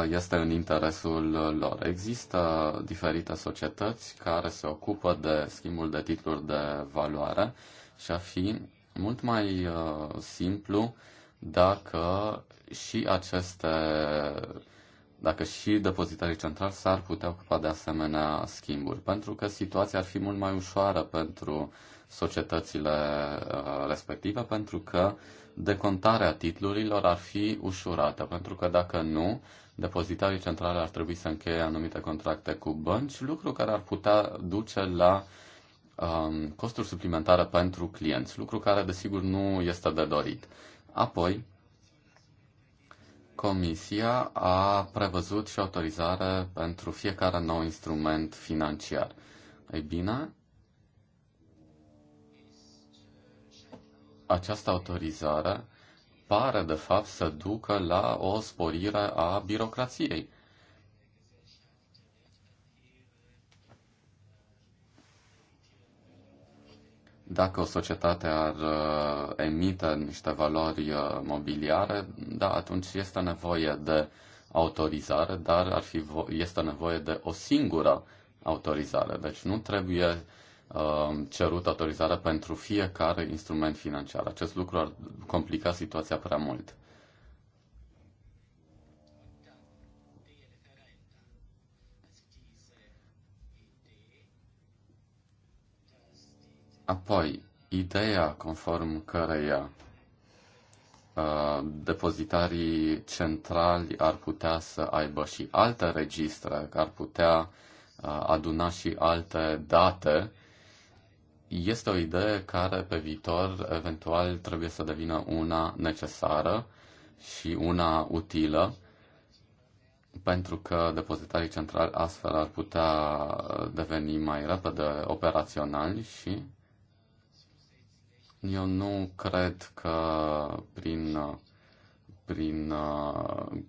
este în interesul lor. Există diferite societăți care se ocupă de schimbul de titluri de valoare și a fi mult mai uh, simplu dacă și aceste dacă și depozitarii centrali s-ar putea ocupa de asemenea schimburi, pentru că situația ar fi mult mai ușoară pentru societățile uh, respective, pentru că uh, decontarea titlurilor ar fi ușurată, pentru că dacă nu, depozitarii centrale ar trebui să încheie anumite contracte cu bănci, lucru care ar putea duce la um, costuri suplimentare pentru clienți, lucru care desigur nu este de dorit. Apoi, Comisia a prevăzut și autorizare pentru fiecare nou instrument financiar. Ei bine, această autorizare pare, de fapt, să ducă la o sporire a birocrației. Dacă o societate ar uh, emite niște valori uh, mobiliare, da, atunci este nevoie de autorizare, dar ar fi este nevoie de o singură autorizare. Deci nu trebuie Uh, cerut autorizarea pentru fiecare instrument financiar. Acest lucru ar complica situația prea mult. Apoi, ideea conform căreia uh, depozitarii centrali ar putea să aibă și alte registre, că ar putea uh, aduna și alte date, este o idee care pe viitor eventual trebuie să devină una necesară și una utilă, pentru că depozitarii centrali astfel ar putea deveni mai repede operaționali și eu nu cred că prin, prin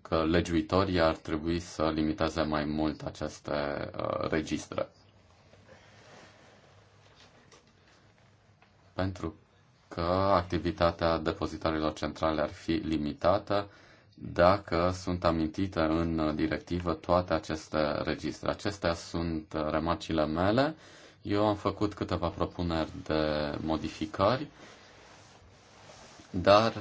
că legiuitorii ar trebui să limiteze mai mult aceste uh, registre. pentru că activitatea depozitarilor centrale ar fi limitată dacă sunt amintite în directivă toate aceste registre. Acestea sunt remarcile mele. Eu am făcut câteva propuneri de modificări, dar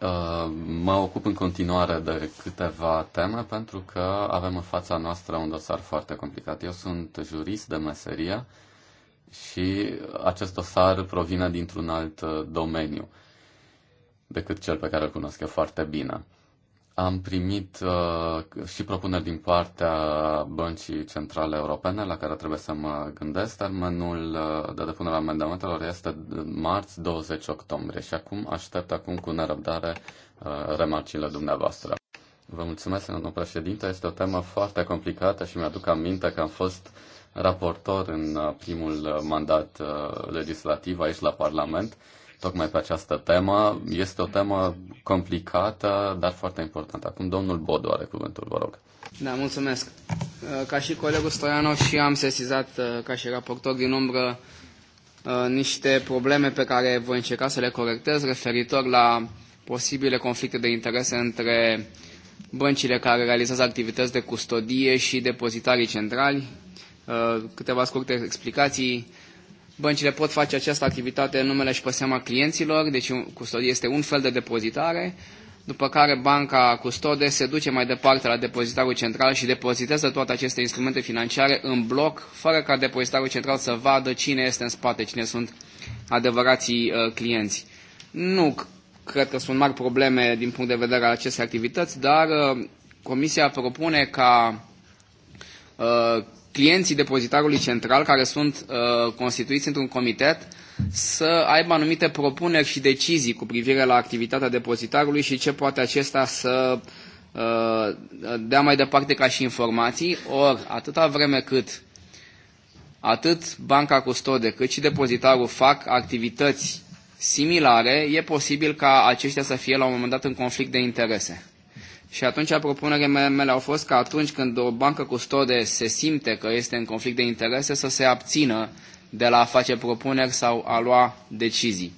uh, mă ocup în continuare de câteva teme pentru că avem în fața noastră un dosar foarte complicat. Eu sunt jurist de meserie, și acest dosar provine dintr-un alt uh, domeniu decât cel pe care îl cunosc eu foarte bine. Am primit uh, și propuneri din partea Băncii Centrale Europene la care trebuie să mă gândesc. Termenul uh, de depunere a amendamentelor este marți 20 octombrie și acum aștept acum cu nerăbdare uh, remarcile dumneavoastră. Vă mulțumesc, domnul președinte. Este o temă foarte complicată și mi-aduc aminte că am fost uh, raportor în uh, primul uh, mandat uh, legislativ aici la Parlament, tocmai pe această temă. Este o temă complicată, dar foarte importantă. Acum domnul Bodo are cuvântul, vă rog. Da, mulțumesc. Ca și colegul Stoianov și am sesizat ca și raportor din umbră niște probleme pe care voi încerca să le corectez referitor la posibile conflicte de interese între băncile care realizează activități de custodie și depozitarii centrali, Uh, câteva scurte explicații. Băncile pot face această activitate în numele și pe seama clienților, deci custodie este un fel de depozitare, după care banca custode se duce mai departe la depozitarul central și depozitează toate aceste instrumente financiare în bloc, fără ca depozitarul central să vadă cine este în spate, cine sunt adevărații uh, clienți. Nu cred că sunt mari probleme din punct de vedere al acestei activități, dar uh, Comisia propune ca clienții depozitarului central, care sunt uh, constituiți într-un comitet, să aibă anumite propuneri și decizii cu privire la activitatea depozitarului și ce poate acesta să uh, dea mai departe ca și informații, ori atâta vreme cât atât banca custode cât și depozitarul fac activități similare, e posibil ca aceștia să fie la un moment dat în conflict de interese. Și atunci propunerile mele au fost că atunci când o bancă custode se simte că este în conflict de interese, să se abțină de la a face propuneri sau a lua decizii.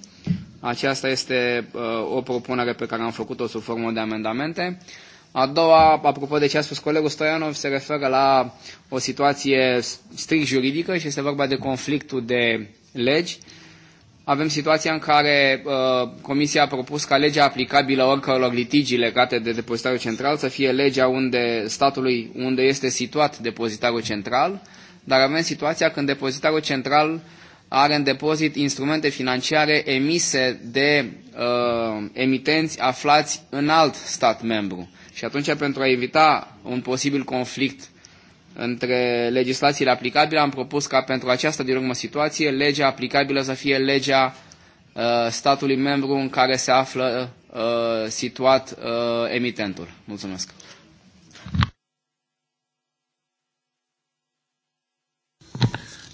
Aceasta este uh, o propunere pe care am făcut-o sub formă de amendamente. A doua, apropo de ce a spus colegul Stoianov, se referă la o situație strict juridică și este vorba de conflictul de legi. Uh, avem situația în care uh, Comisia a propus ca legea aplicabilă oricăror litigii legate de depozitarul central să fie legea unde statului unde este situat depozitarul central, dar avem situația când depozitarul central are în depozit instrumente financiare emise de uh, emitenți aflați în alt stat membru. Și atunci, pentru a evita un posibil conflict între legislațiile aplicabile, am propus ca pentru această din urmă situație, legea aplicabilă să fie legea uh, statului membru în care se află uh, situat uh, emitentul. Mulțumesc.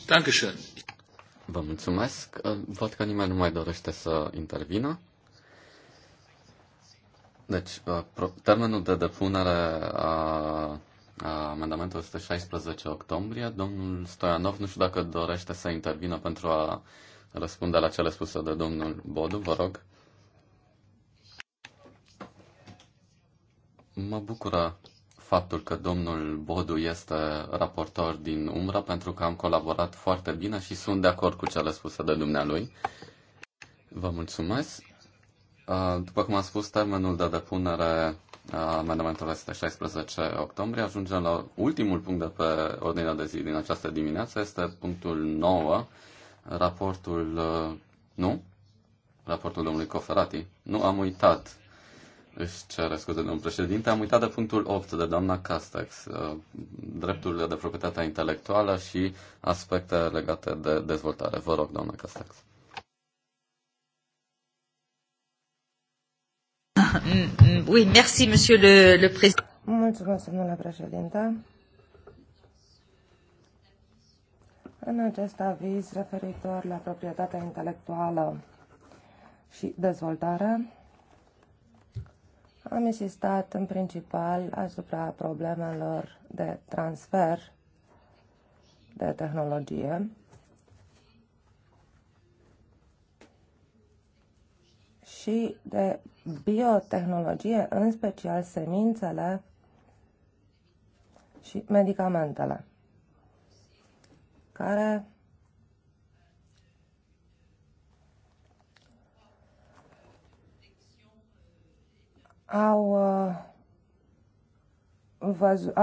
Dankeschön. Vă mulțumesc. Uh, văd că nimeni nu mai dorește să intervină. Deci, uh, termenul de depunere a Uh, amendamentul este 16 octombrie. Domnul Stoianov, nu știu dacă dorește să intervină pentru a răspunde la cele spuse de domnul Bodu, vă rog. Mă bucură faptul că domnul Bodu este raportor din Umbra, pentru că am colaborat foarte bine și sunt de acord cu cele spuse de dumnealui. Vă mulțumesc. Uh, după cum am spus, termenul de depunere amendamentul este 16 octombrie. Ajungem la ultimul punct de pe ordinea de zi din această dimineață. Este punctul 9, raportul... Nu? Raportul domnului Coferati. Nu, am uitat. Își cere scuze, domnul președinte. Am uitat de punctul 8 de doamna Castex. Uh, drepturile de proprietate intelectuală și aspecte legate de dezvoltare. Vă rog, doamna Castex. Mm, mm, oui, merci, monsieur le, le président. Mulțumesc, domnule președinte. În acest aviz referitor la proprietatea intelectuală și dezvoltare, am insistat în principal asupra problemelor de transfer de tehnologie și de biotehnologie, în special semințele și medicamentele, care au uh, văzut,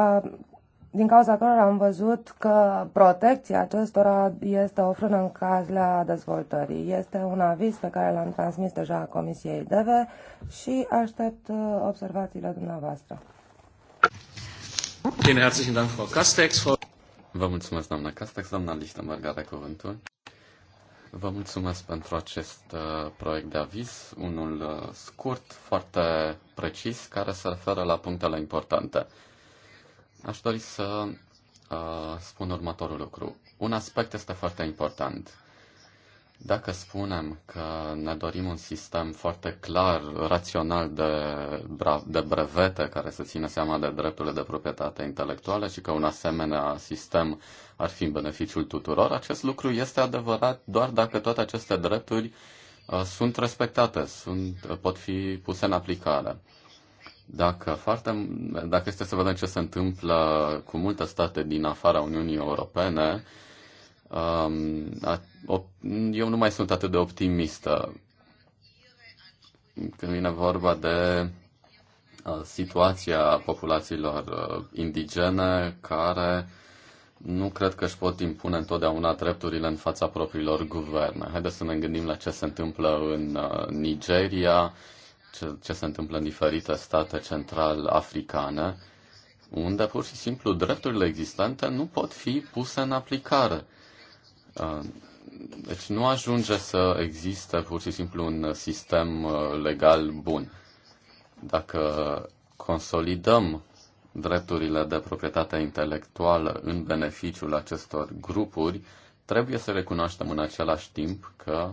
din cauza cărora am văzut că protecția acestora este o frână în calea dezvoltării. Este un aviz pe care l-am transmis deja Comisiei DV și aștept uh, observațiile dumneavoastră. Bine, herzlichen Dank, Frau Castex. Vă mulțumesc, doamna Castex. Doamna Lichtenberg are cuvântul. Vă mulțumesc pentru acest uh, proiect de aviz, unul uh, scurt, foarte precis, care se referă la punctele importante. Aș dori să uh, spun următorul lucru. Un aspect este foarte important. Dacă spunem că ne dorim un sistem foarte clar, rațional de, de brevete care să țină seama de drepturile de proprietate intelectuală și că un asemenea sistem ar fi în beneficiul tuturor, acest lucru este adevărat doar dacă toate aceste drepturi uh, sunt respectate, sunt, pot fi puse în aplicare. Dacă, foarte, dacă este să vedem ce se întâmplă cu multe state din afara Uniunii Europene, um, eu nu mai sunt atât de optimistă când vine vorba de uh, situația populațiilor uh, indigene care nu cred că își pot impune întotdeauna drepturile în fața propriilor guverne. Haideți să ne gândim la ce se întâmplă în uh, Nigeria, ce, ce se întâmplă în diferite state central-africane, unde pur și simplu drepturile existente nu pot fi puse în aplicare. Uh, deci nu ajunge să existe pur și simplu un sistem uh, legal bun. Dacă consolidăm drepturile de proprietate intelectuală în beneficiul acestor grupuri, trebuie să recunoaștem în același timp că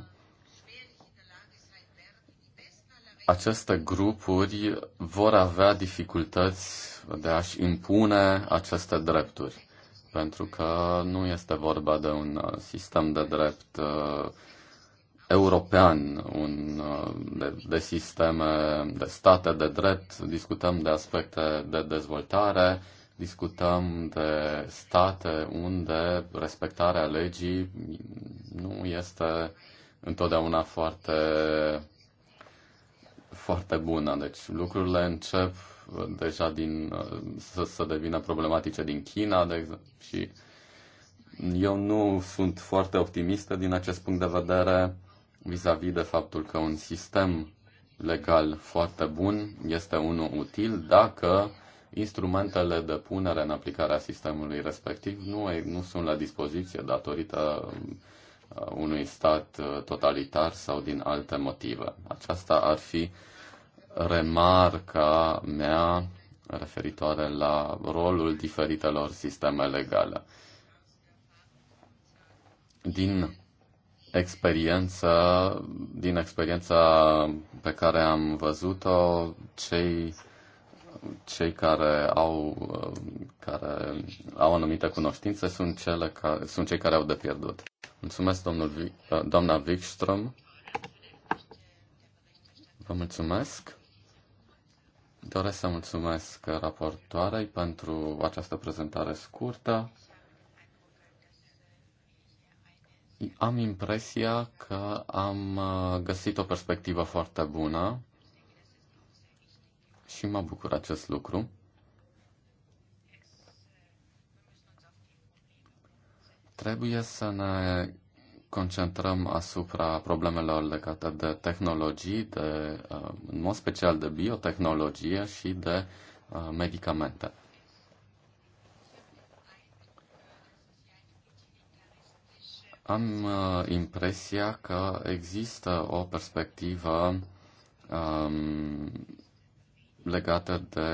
aceste grupuri vor avea dificultăți de a-și impune aceste drepturi, pentru că nu este vorba de un uh, sistem de drept uh, european, un, uh, de, de sisteme, de state de drept, discutăm de aspecte de dezvoltare, discutăm de state unde respectarea legii nu este întotdeauna foarte foarte bună. Deci lucrurile încep uh, deja din, uh, să, să devină problematice din China de, exemplu, și eu nu sunt foarte optimistă din acest punct de vedere vis-a-vis -vis de faptul că un sistem legal foarte bun este unul util dacă instrumentele de punere în aplicare a sistemului respectiv nu, nu sunt la dispoziție datorită uh, unui stat totalitar sau din alte motive. Aceasta ar fi remarca mea referitoare la rolul diferitelor sisteme legale. Din experiență, din experiența pe care am văzut-o, cei, cei care au, care au anumite cunoștințe sunt, cele care, sunt cei care au de pierdut. Mulțumesc, domnul, doamna Wikström. Vă mulțumesc. Doresc să mulțumesc raportoarei pentru această prezentare scurtă. Am impresia că am uh, găsit o perspectivă foarte bună și mă bucur acest lucru. Trebuie să ne concentrăm asupra problemelor legate de tehnologii, de, uh, în mod special de biotehnologie și de uh, medicamente. Am uh, impresia că există o perspectivă um, legată de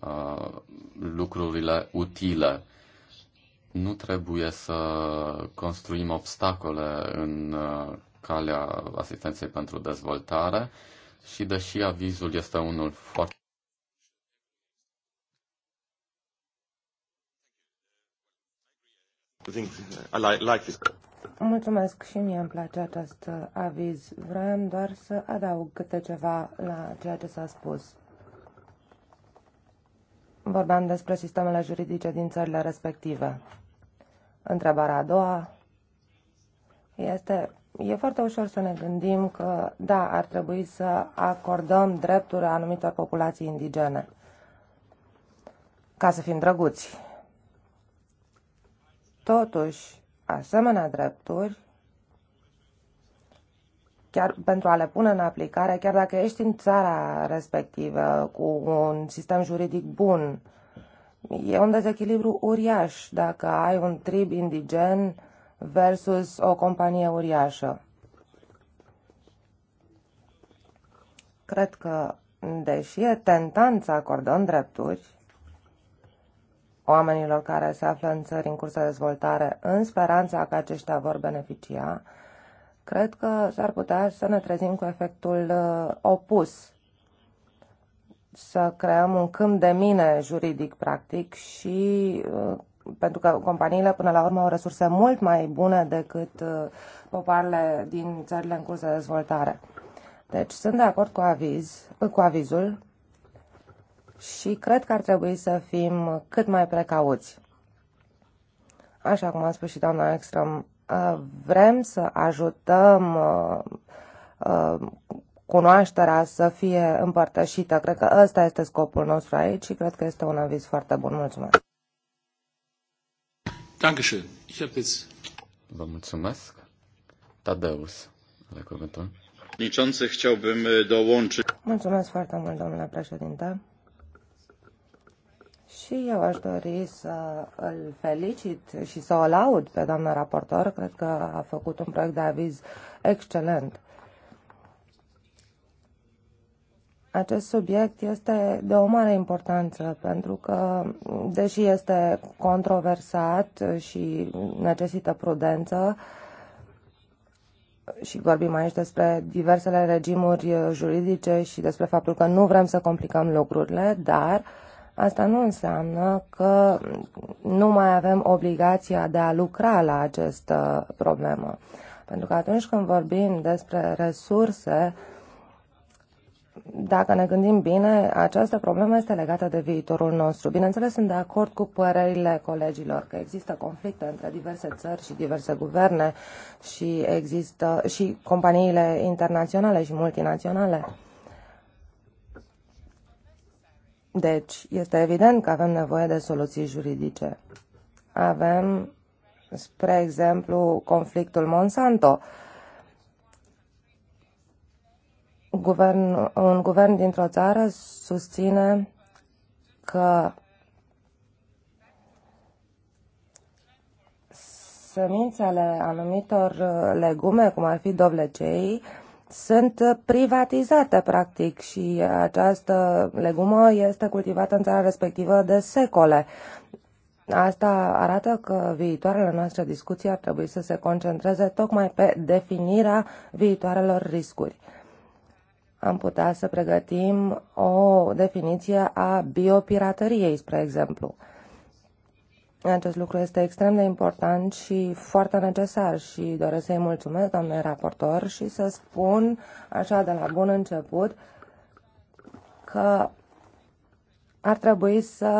uh, lucrurile utile nu trebuie să construim obstacole în uh, calea asistenței pentru dezvoltare și deși avizul este unul foarte uh, Mulțumesc și mie îmi place acest uh, aviz. Vreau doar să adaug câte ceva la ceea ce s-a spus. Vorbeam despre sistemele juridice din țările respective. Întrebarea a doua este, e foarte ușor să ne gândim că, da, ar trebui să acordăm drepturi anumitor populații indigene, ca să fim drăguți. Totuși, asemenea drepturi, chiar pentru a le pune în aplicare, chiar dacă ești în țara respectivă, cu un sistem juridic bun, E un dezechilibru uriaș dacă ai un trib indigen versus o companie uriașă. Cred că, deși e tentant să acordăm drepturi oamenilor care se află în țări în curs de dezvoltare, în speranța că aceștia vor beneficia, cred că s-ar putea să ne trezim cu efectul uh, opus să creăm un câmp de mine juridic, practic, și uh, pentru că companiile până la urmă au resurse mult mai bune decât uh, popoarele din țările în curs de dezvoltare. Deci sunt de acord cu, aviz, cu avizul și cred că ar trebui să fim cât mai precauți. Așa cum a spus și doamna Ekström, uh, vrem să ajutăm cunoașterea să fie împărtășită. Cred că ăsta este scopul nostru aici și cred că este un aviz foarte bun. Mulțumesc! Vă mulțumesc. Tadeus, la cuvântul. Niczący chciałbym Mulțumesc foarte mult, domnule președinte. Și eu aș dori să îl felicit și să o laud pe doamna raportor. Cred că a făcut un proiect de aviz excelent. acest subiect este de o mare importanță pentru că, deși este controversat și necesită prudență, și vorbim aici despre diversele regimuri juridice și despre faptul că nu vrem să complicăm lucrurile, dar asta nu înseamnă că nu mai avem obligația de a lucra la această problemă. Pentru că atunci când vorbim despre resurse, dacă ne gândim bine, această problemă este legată de viitorul nostru. Bineînțeles, sunt de acord cu părerile colegilor că există conflicte între diverse țări și diverse guverne și există și companiile internaționale și multinaționale. Deci, este evident că avem nevoie de soluții juridice. Avem, spre exemplu, conflictul Monsanto. Uh, guvern, un guvern dintr-o țară susține că semințele anumitor uh, legume, cum ar fi dovlecei, sunt privatizate, practic, și această legumă este cultivată în țara respectivă de secole. Asta arată că viitoarele noastre discuții ar trebui să se concentreze tocmai pe definirea viitoarelor riscuri am putea să pregătim o definiție a biopirateriei, spre exemplu. Acest lucru este extrem de important și foarte necesar și doresc să-i mulțumesc, doamne raportor, și să spun așa de la bun început că ar trebui să,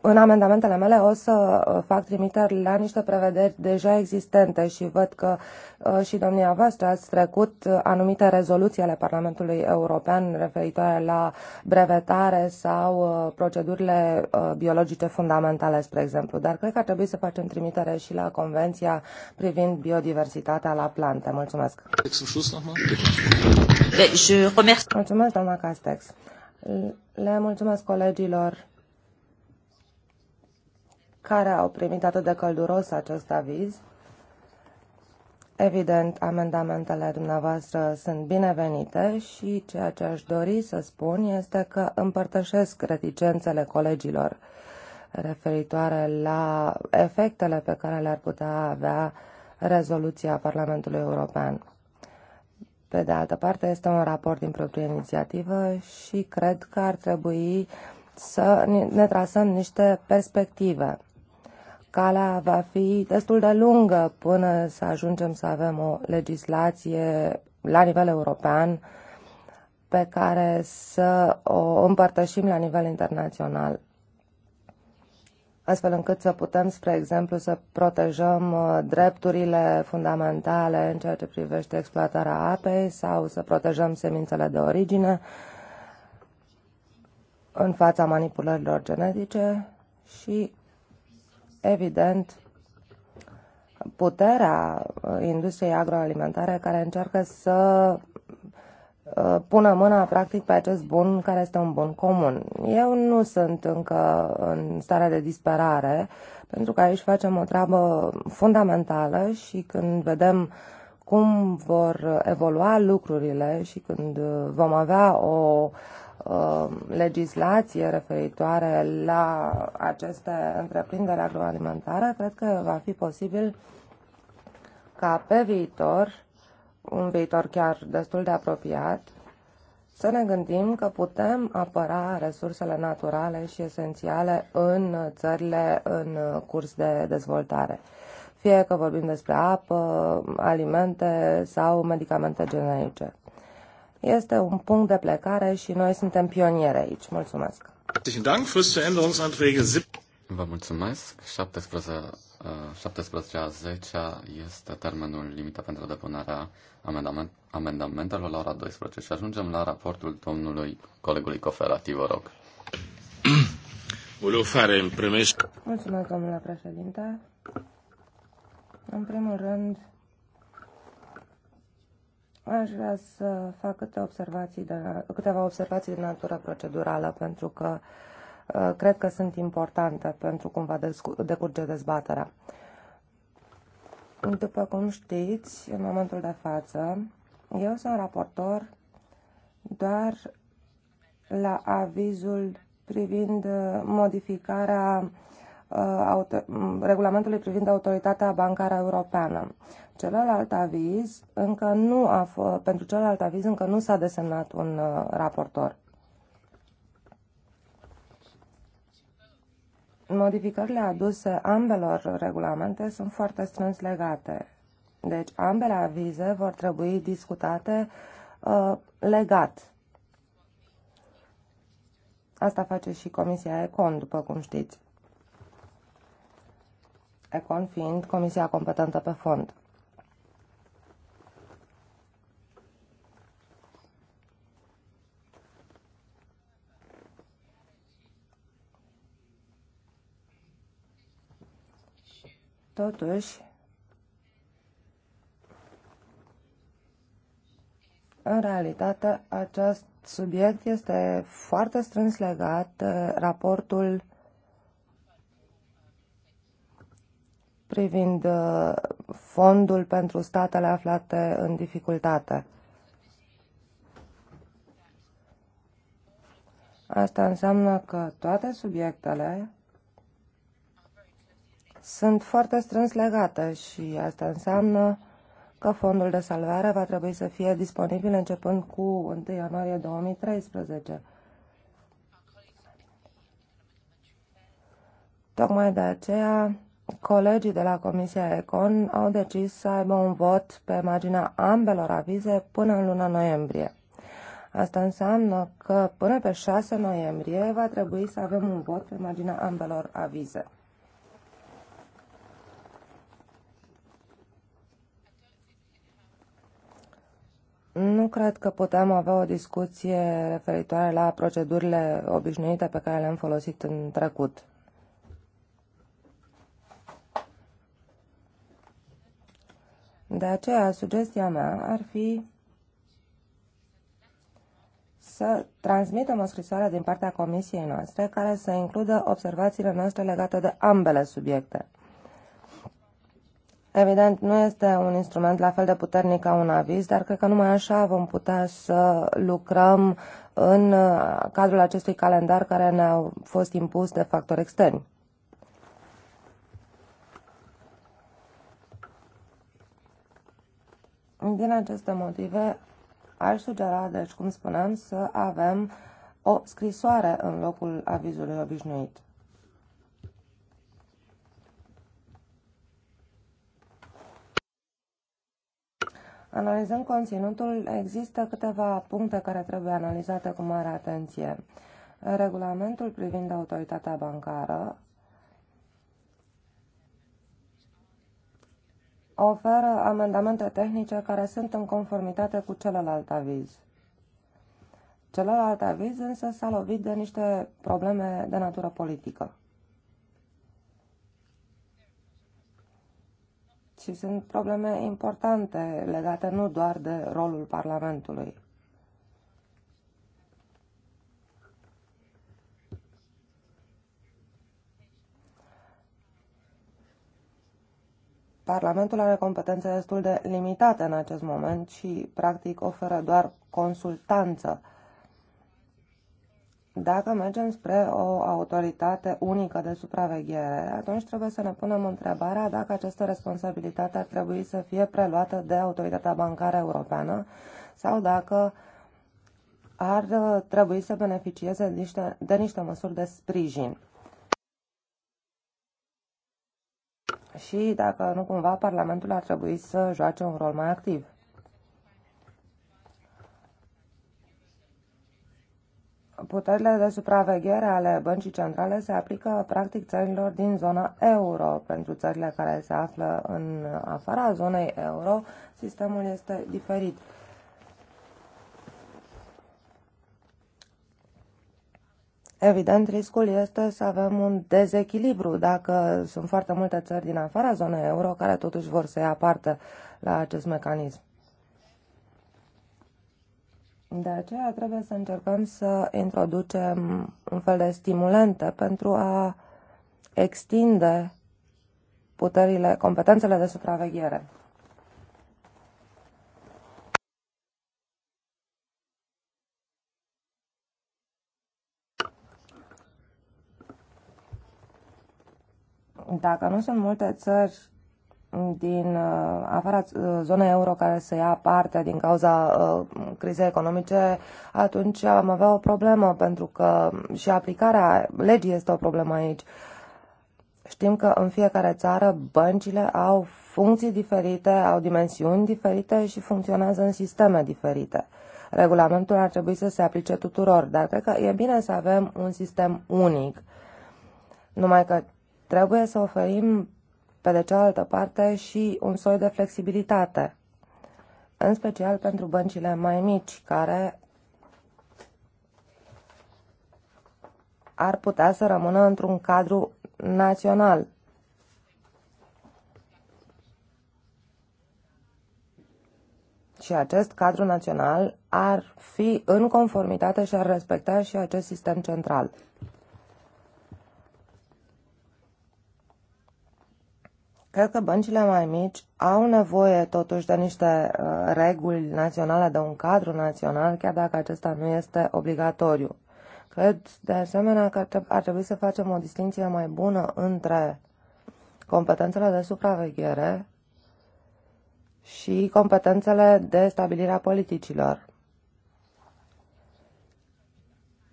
în amendamentele mele, o să uh, fac trimiteri la niște prevederi deja existente și văd că uh, și domnia voastră ați trecut uh, anumite rezoluții ale Parlamentului European referitoare la brevetare sau procedurile biologice fundamentale, spre exemplu. Dar cred că ar trebui să facem trimitere și la Convenția privind biodiversitatea la plante. Mulțumesc! Mulțumesc, doamna Castex! Le mulțumesc colegilor care au primit atât de călduros acest aviz. Evident, amendamentele dumneavoastră sunt binevenite și ceea ce aș dori să spun este că împărtășesc reticențele colegilor referitoare la efectele pe care le-ar putea avea rezoluția Parlamentului European. Pe de altă parte, este un raport din proprie inițiativă și cred că ar trebui să ne trasăm niște perspective. Calea va fi destul de lungă până să ajungem să avem o legislație la nivel european pe care să o împărtășim la nivel internațional astfel încât să putem, spre exemplu, să protejăm uh, drepturile fundamentale în ceea ce privește exploatarea apei sau să protejăm semințele de origine în fața manipulărilor genetice și, evident, puterea uh, industriei agroalimentare care încearcă să Uh, pună mâna practic pe acest bun care este un bun comun. Eu nu sunt încă în stare de disperare, pentru că aici facem o treabă fundamentală și când vedem cum vor evolua lucrurile și când vom avea o uh, legislație referitoare la aceste întreprinderi agroalimentare, cred că va fi posibil ca pe viitor un viitor chiar destul de apropiat, să ne gândim că putem apăra resursele naturale și esențiale în țările în curs de dezvoltare. Fie că vorbim despre apă, alimente sau medicamente generice. Este un punct de plecare și noi suntem pionieri aici. Mulțumesc! Vă mulțumesc! 17 17 a 10 este termenul limită pentru depunerea amendament, amendamentelor la ora 12 și ajungem la raportul domnului colegului cooperativ, vă rog. fare în Mulțumesc, domnule președinte. În primul rând, aș vrea să fac câte observații de, câteva observații de natură procedurală, pentru că uh, Uh, cred că sunt importante pentru cum va decurge dezbaterea. După cum știți, în momentul de față, eu sunt raportor doar la avizul privind uh, modificarea uh, regulamentului privind autoritatea bancară europeană. Celălalt aviz încă nu a f- pentru celălalt aviz încă nu s-a desemnat un raportor. modificările aduse ambelor regulamente sunt foarte strâns legate. Deci ambele avize vor trebui discutate uh, legat. Asta face și Comisia Econ, după cum știți. Econ fiind comisia competentă pe fond. Totuși, în realitate, acest subiect este foarte strâns legat uh, raportul privind uh, fondul pentru statele aflate în dificultate. Asta înseamnă că toate subiectele sunt foarte strâns legate și asta înseamnă că fondul de salvare va trebui să fie disponibil începând cu 1 ianuarie 2013. Tocmai de aceea, colegii de la Comisia Econ au decis să aibă un vot pe marginea ambelor avize până în luna noiembrie. Asta înseamnă că până pe 6 noiembrie va trebui să avem un vot pe marginea ambelor avize. Nu cred că putem avea o discuție referitoare la procedurile obișnuite pe care le-am folosit în trecut. De aceea, sugestia mea ar fi să transmitem o scrisoare din partea comisiei noastre care să includă observațiile noastre legate de ambele subiecte. Evident, nu este un instrument la fel de puternic ca un aviz, dar cred că numai așa vom putea să lucrăm în uh, cadrul acestui calendar care ne-a fost impus de factori externi. Din aceste motive, aș sugera, deci, cum spuneam, să avem o scrisoare în locul avizului obișnuit. Analizând conținutul, există câteva puncte care trebuie analizate cu mare atenție. Regulamentul privind autoritatea bancară oferă amendamente tehnice care sunt în conformitate cu celălalt aviz. Celălalt aviz însă s-a lovit de niște probleme de natură politică. și sunt probleme importante legate nu doar de rolul Parlamentului. Parlamentul are competențe destul de limitate în acest moment și, practic, oferă doar consultanță dacă mergem spre o autoritate unică de supraveghere, atunci trebuie să ne punem întrebarea dacă această responsabilitate ar trebui să fie preluată de Autoritatea Bancară Europeană sau dacă ar trebui să beneficieze de niște, de niște măsuri de sprijin. Și dacă nu cumva Parlamentul ar trebui să joace un rol mai activ. Puterile de supraveghere ale băncii centrale se aplică practic țărilor din zona euro. Pentru țările care se află în afara zonei euro, sistemul este diferit. Evident, riscul este să avem un dezechilibru dacă sunt foarte multe țări din afara zonei euro care totuși vor să ia parte la acest mecanism. De aceea trebuie să încercăm să introducem un fel de stimulente pentru a extinde puterile, competențele de supraveghere. Dacă nu sunt multe țări din uh, afara uh, zonei euro care să ia parte din cauza uh, crizei economice, atunci am avea o problemă, pentru că și aplicarea legii este o problemă aici. Știm că în fiecare țară băncile au funcții diferite, au dimensiuni diferite și funcționează în sisteme diferite. Regulamentul ar trebui să se aplice tuturor, dar cred că e bine să avem un sistem unic. Numai că trebuie să oferim pe de cealaltă parte și un soi de flexibilitate, în special pentru băncile mai mici, care ar putea să rămână într-un cadru național. Și acest cadru național ar fi în conformitate și ar respecta și acest sistem central. Cred că băncile mai mici au nevoie totuși de niște uh, reguli naționale, de un cadru național, chiar dacă acesta nu este obligatoriu. Cred de asemenea că ar trebui să facem o distinție mai bună între competențele de supraveghere și competențele de stabilire a politicilor.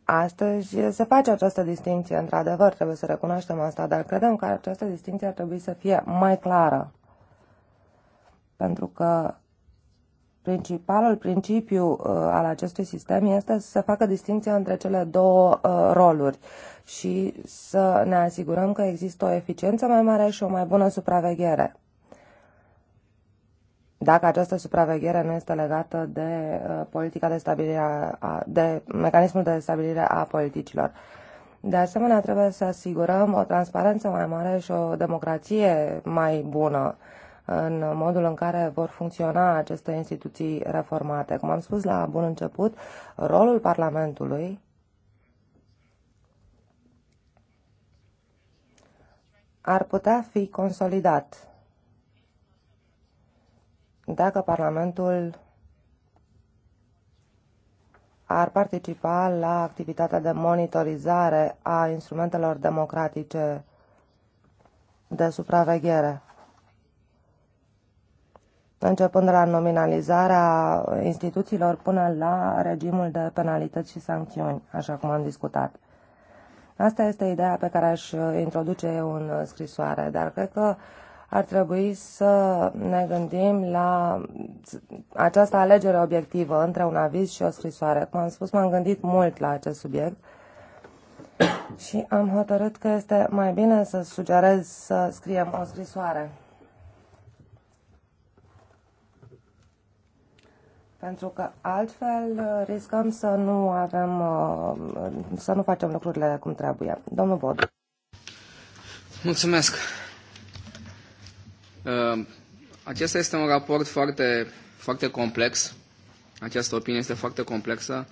Astăzi se face această distinție, într-adevăr, trebuie să recunoaștem asta, dar credem că această distinție ar trebui să fie mai clară. Pentru că principalul principiu uh, al acestui sistem este să se facă distinția între cele două uh, roluri și să ne asigurăm că există o eficiență mai mare și o mai bună supraveghere dacă această supraveghere nu este legată de uh, politica de stabilire a, de mecanismul de stabilire a politicilor. De asemenea, trebuie să asigurăm o transparență mai mare și o democrație mai bună în modul în care vor funcționa aceste instituții reformate. Cum am spus la bun început, rolul Parlamentului ar putea fi consolidat dacă Parlamentul ar participa la activitatea de monitorizare a instrumentelor democratice de supraveghere. Începând de la nominalizarea instituțiilor până la regimul de penalități și sancțiuni, așa cum am discutat. Asta este ideea pe care aș introduce eu în scrisoare, dar cred că uh, ar trebui să ne gândim la această alegere obiectivă între un aviz și o scrisoare. Cum am spus, m-am gândit mult la acest subiect și am hotărât că este mai bine să sugerez să scriem o scrisoare. Pentru că altfel uh, riscăm să nu avem, uh, să nu facem lucrurile cum trebuie. Domnul Bod. Mulțumesc. Ehm, acesta este un raport foarte, foarte complex. Această opinie este foarte complexă.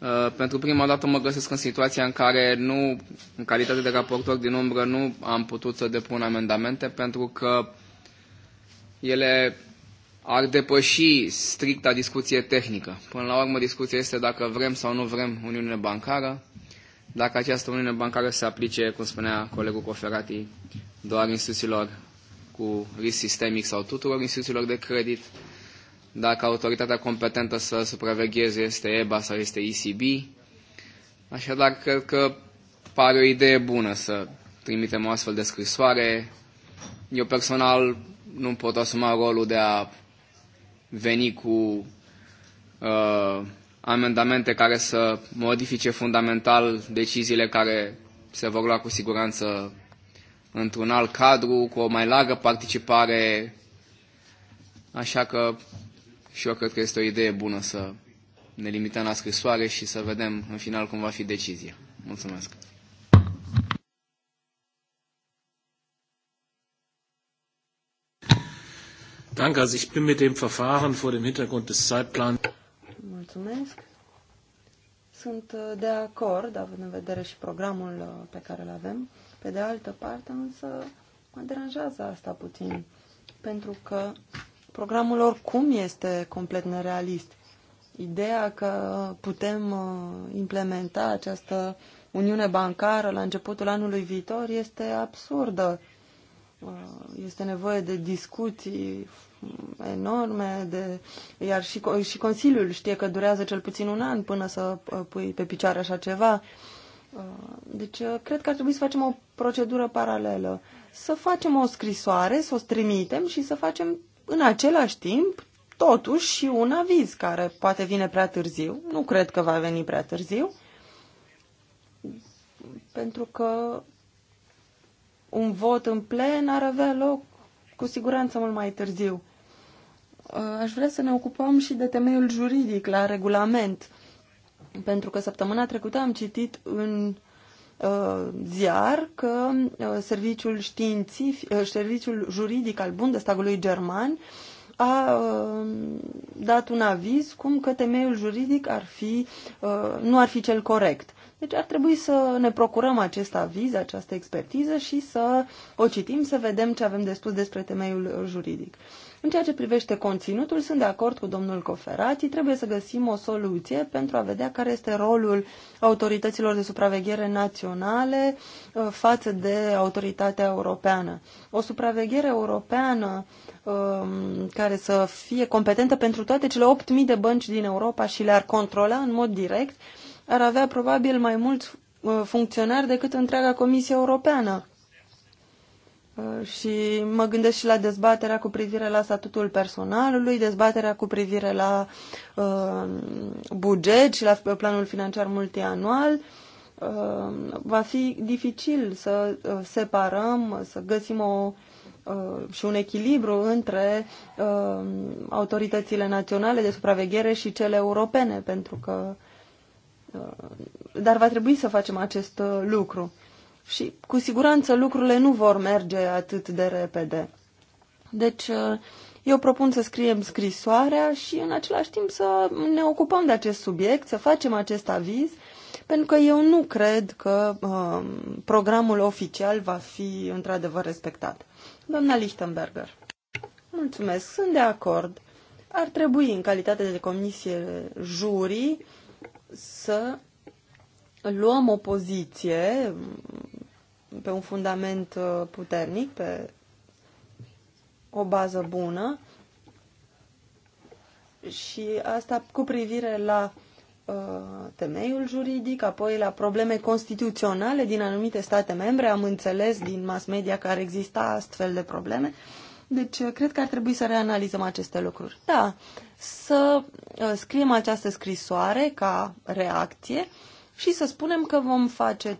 Ehm, pentru prima dată mă găsesc în situația în care nu, în calitate de raportor din umbră, nu am putut să depun amendamente pentru că ele ar depăși stricta discuție tehnică. Până la urmă, discuția este dacă vrem sau nu vrem Uniune Bancară, dacă această Uniune Bancară se aplice, cum spunea colegul Coferati, doar instituțiilor cu risc sistemic sau tuturor instituțiilor de credit, dacă autoritatea competentă să supravegheze este EBA sau este ECB. Așadar, cred că pare o idee bună să trimitem o astfel de scrisoare. Eu personal nu pot asuma rolul de a veni cu uh, amendamente care să modifice fundamental deciziile care se vor lua cu siguranță într-un alt cadru, cu o mai largă participare. Așa că și eu cred că este o idee bună să ne limităm la scrisoare și să vedem în final cum va fi decizia. Mulțumesc! Danke, also ich bin mit dem Verfahren vor dem Hintergrund des Zeitplans. Mulțumesc. Sunt uh, de acord, având în vedere și programul uh, pe care îl avem. Pe de altă parte, însă, mă deranjează asta puțin, pentru că programul oricum este complet nerealist. Ideea că putem uh, implementa această uniune bancară la începutul anului viitor este absurdă. Uh, este nevoie de discuții enorme, de... iar și, și Consiliul știe că durează cel puțin un an până să uh, pui pe picioare așa ceva. Uh, Uh, deci, uh, cred că ar trebui să facem o procedură paralelă. Să facem o scrisoare, să o trimitem și să facem în același timp, totuși, și un aviz care poate vine prea târziu. Nu cred că va veni prea târziu, pentru că un vot în plen ar avea loc cu siguranță mult mai târziu. Uh, aș vrea să ne ocupăm și de temeiul juridic la regulament pentru că săptămâna trecută am citit în uh, ziar că uh, serviciul științific, uh, serviciul juridic al Bundestagului german a uh, dat un aviz cum că temeiul juridic ar fi, uh, nu ar fi cel corect. Deci ar trebui să ne procurăm acest aviz, această expertiză și să o citim, să vedem ce avem de spus despre temeiul juridic. Uh, în ceea ce privește conținutul, sunt de acord cu domnul Coferati, trebuie să găsim o soluție pentru a vedea care este rolul autorităților de supraveghere naționale uh, față de autoritatea europeană. O supraveghere europeană um, care să fie competentă pentru toate cele 8.000 de bănci din Europa și le-ar controla în mod direct, ar avea probabil mai mulți uh, funcționari decât întreaga Comisie Europeană și mă gândesc și la dezbaterea cu privire la statutul personalului, dezbaterea cu privire la uh, buget și la planul financiar multianual. Uh, va fi dificil să uh, separăm, să găsim o, uh, și un echilibru între uh, autoritățile naționale de supraveghere și cele europene, pentru că. Uh, dar va trebui să facem acest uh, lucru și cu siguranță lucrurile nu vor merge atât de repede. Deci uh, eu propun să scriem scrisoarea și în același timp să ne ocupăm de acest subiect, să facem acest aviz, pentru că eu nu cred că uh, programul oficial va fi într-adevăr respectat. Doamna Lichtenberger, mulțumesc, sunt de acord. Ar trebui, în calitate de comisie jurii, să luăm o poziție pe un fundament uh, puternic, pe o bază bună și asta cu privire la uh, temeiul juridic, apoi la probleme constituționale din anumite state membre. Am înțeles din mass media că ar exista astfel de probleme. Deci, uh, cred că ar trebui să reanalizăm aceste lucruri. Da, să scriem această scrisoare ca reacție și să spunem că vom face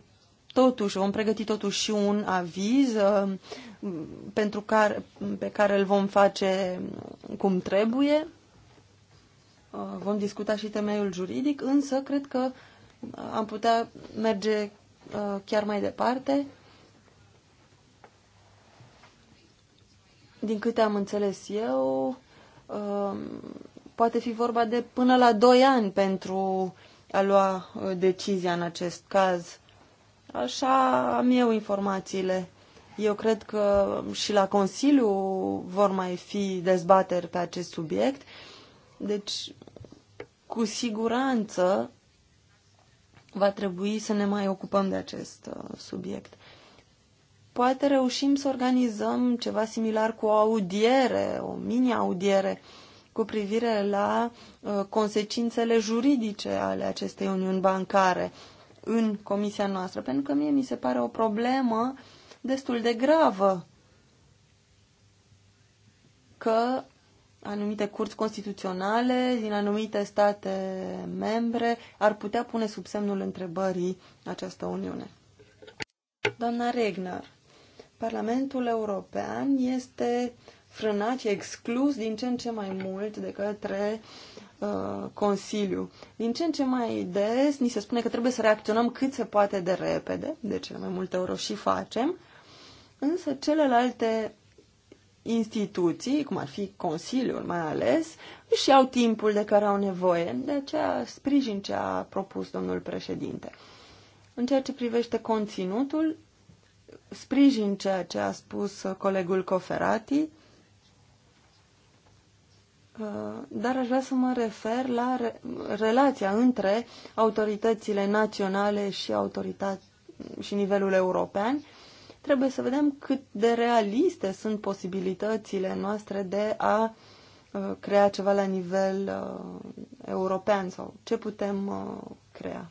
totuși, vom pregăti totuși și un aviz uh, pentru care, pe care îl vom face cum trebuie. Uh, vom discuta și temeiul juridic, însă cred că uh, am putea merge chiar mai departe. Din câte am înțeles eu, poate fi vorba de până la 2 ani pentru a lua decizia în acest caz Așa am eu informațiile. Eu cred că și la Consiliu vor mai fi dezbateri pe acest subiect. Deci, cu siguranță, va trebui să ne mai ocupăm de acest uh, subiect. Poate reușim să organizăm ceva similar cu o audiere, o mini-audiere, cu privire la uh, consecințele juridice ale acestei uniuni bancare în comisia noastră, pentru că mie mi se pare o problemă destul de gravă că anumite curți constituționale din anumite state membre ar putea pune sub semnul întrebării această Uniune. Doamna Regner, Parlamentul European este frânat și exclus din ce în ce mai mult de către Uh, Consiliu. Din ce în ce mai des ni se spune că trebuie să reacționăm cât se poate de repede, de cele mai multe ori o și facem, însă celelalte instituții, cum ar fi Consiliul mai ales, își iau timpul de care au nevoie, de aceea sprijin ce a propus domnul președinte. În ceea ce privește conținutul, sprijin ceea ce a spus colegul Coferati, Uh, dar aș vrea să mă refer la re relația între autoritățile naționale și, autorități și nivelul european. Trebuie să vedem cât de realiste sunt posibilitățile noastre de a uh, crea ceva la nivel uh, european sau ce putem uh, crea.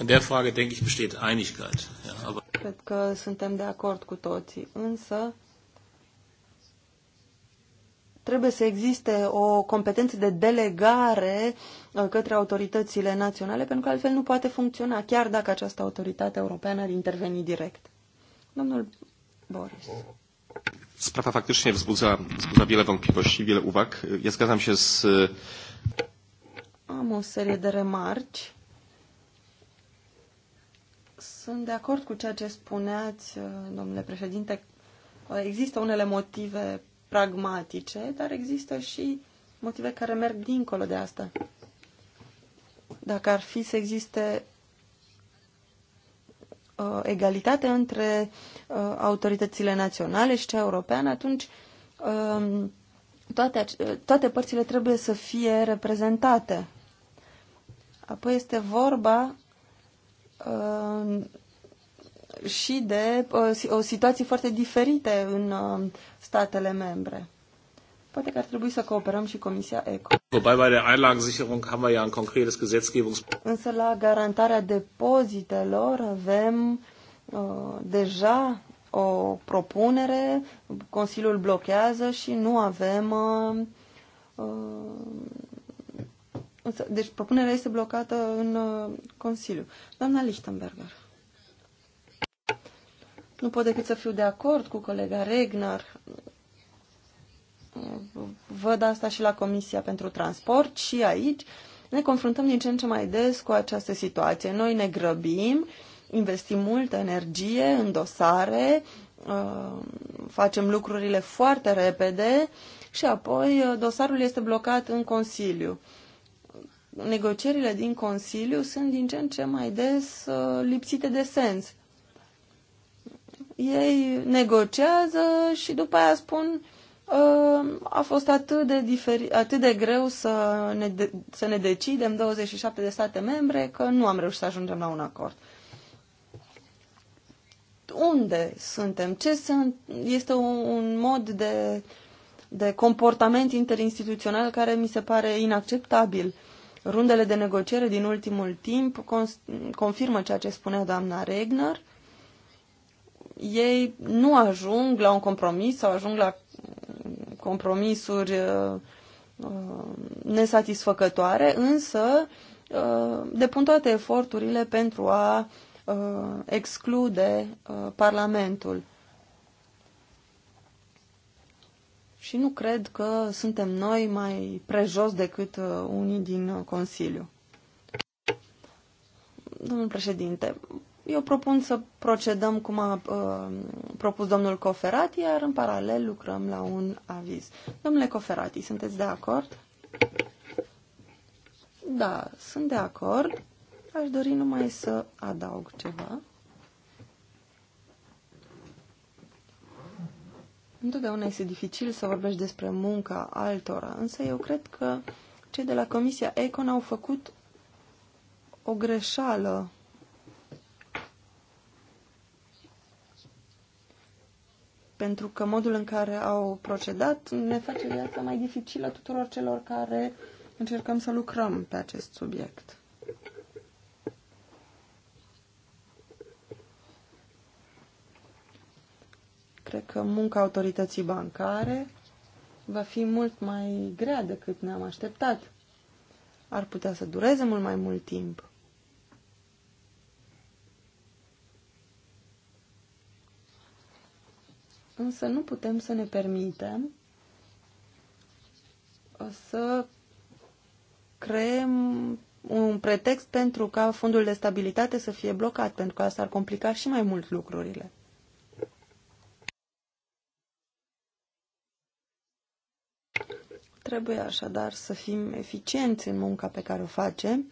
In der Frage, denke ich, besteht Einigkeit. Ja, aber... Cred că suntem de acord cu toții, însă trebuie să existe o competență de delegare uh, către autoritățile naționale, pentru că altfel nu poate funcționa, chiar dacă această autoritate europeană ar interveni direct. Domnul Boris. Sprawa faktycznie wzbudza, wzbudza wiele wątpliwości, wiele uwag. Ja zgadzam się z... Am o serie de remarci. Sunt de acord cu ceea ce spuneați, uh, domnule președinte. Există unele motive pragmatice, dar există și motive care merg dincolo de asta. Dacă ar fi să existe uh, egalitate între uh, autoritățile naționale și cea europeană, atunci um, uh, toate, toate părțile trebuie să fie reprezentate. Apoi este vorba uh, și de uh, o situații foarte diferite în uh, statele membre. Poate că ar trebui să cooperăm și Comisia ECO. Wobei bei der Einlagensicherung haben wir ja ein konkretes Gesetzgebungs... Însă la garantarea depozitelor avem uh, deja o propunere, Consiliul blochează și nu avem... Uh, uh deci propunerea este blocată în uh, Consiliu. Doamna Lichtenberger. Nu pot decât să fiu de acord cu colega Regnar. Văd asta și la Comisia pentru Transport și aici ne confruntăm din ce în ce mai des cu această situație. Noi ne grăbim, investim multă energie în dosare, uh, facem lucrurile foarte repede și apoi uh, dosarul este blocat în Consiliu. Negocierile din Consiliu sunt din ce în ce mai des uh, lipsite de sens. Ei negociază și după aia spun ă, a fost atât de, diferi, atât de greu să ne, de, să ne decidem 27 de state membre că nu am reușit să ajungem la un acord. Unde suntem? Ce sunt? Este un, un mod de, de comportament interinstituțional care mi se pare inacceptabil. Rundele de negociere din ultimul timp confirmă ceea ce spunea doamna Regner. Uh, ei nu ajung la un compromis sau ajung la compromisuri uh, uh, nesatisfăcătoare, însă uh, depun toate eforturile pentru a exclude Parlamentul. Și nu cred că suntem noi mai prejos decât unii din Consiliu. Domnul președinte, eu propun să procedăm cum a uh, propus domnul Coferati, iar în paralel lucrăm la un aviz. Domnule Coferati, sunteți de acord? Da, sunt de acord. Aș dori numai să adaug ceva. Întotdeauna este dificil să vorbești despre munca altora, însă eu cred că cei de la Comisia Econ au făcut o greșeală pentru că modul în care au procedat ne face viața mai dificilă tuturor celor care încercăm să lucrăm pe acest subiect. Cred că munca autorității bancare va fi mult mai grea decât ne-am așteptat. Ar putea să dureze mult mai mult timp. însă nu putem să ne permitem uh, să creăm un pretext pentru ca fondul de stabilitate să fie blocat, pentru că asta ar complica și mai mult lucrurile. Trebuie așadar să fim eficienți în munca pe care o facem,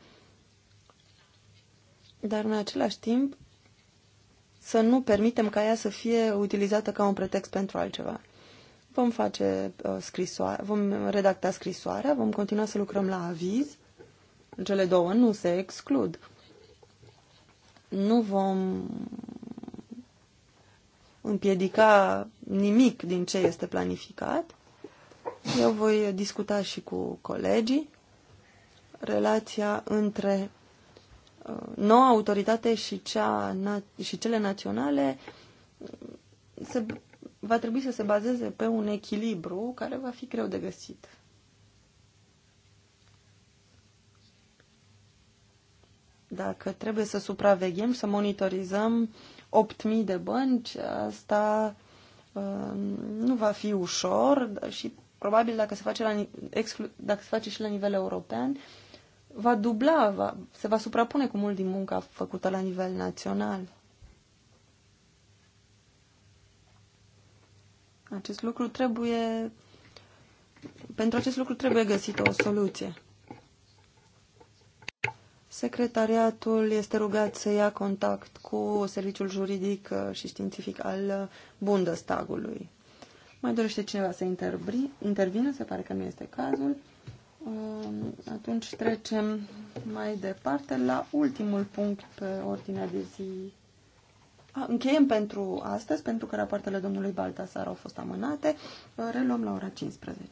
dar în același timp să nu permitem ca ea să fie utilizată ca un pretext pentru altceva. Vom face uh, scrisoare, vom redacta scrisoarea, vom continua să lucrăm la aviz. Cele două nu se exclud. Nu vom împiedica nimic din ce este planificat. Eu voi discuta și cu colegii relația între Uh, noua autoritate și, cea, și cele naționale mm, se, va trebui să se bazeze pe un echilibru care va fi greu de găsit. Dacă trebuie să supraveghem, să monitorizăm 8.000 de bănci, asta uh, nu va fi ușor și probabil dacă se face, la, dacă se face și la nivel european, va dubla, va, se va suprapune cu mult din munca făcută la nivel național. Acest lucru trebuie, pentru acest lucru trebuie găsită o soluție. Secretariatul este rugat să ia contact cu serviciul juridic uh, și științific al uh, Bundestagului. Mai dorește cineva să intervină? Se pare că nu este cazul. Um, atunci trecem mai departe la ultimul punct pe ordinea de zi. A, încheiem pentru astăzi, pentru că rapoartele domnului Baltasar au fost amânate. Reluăm la ora 15.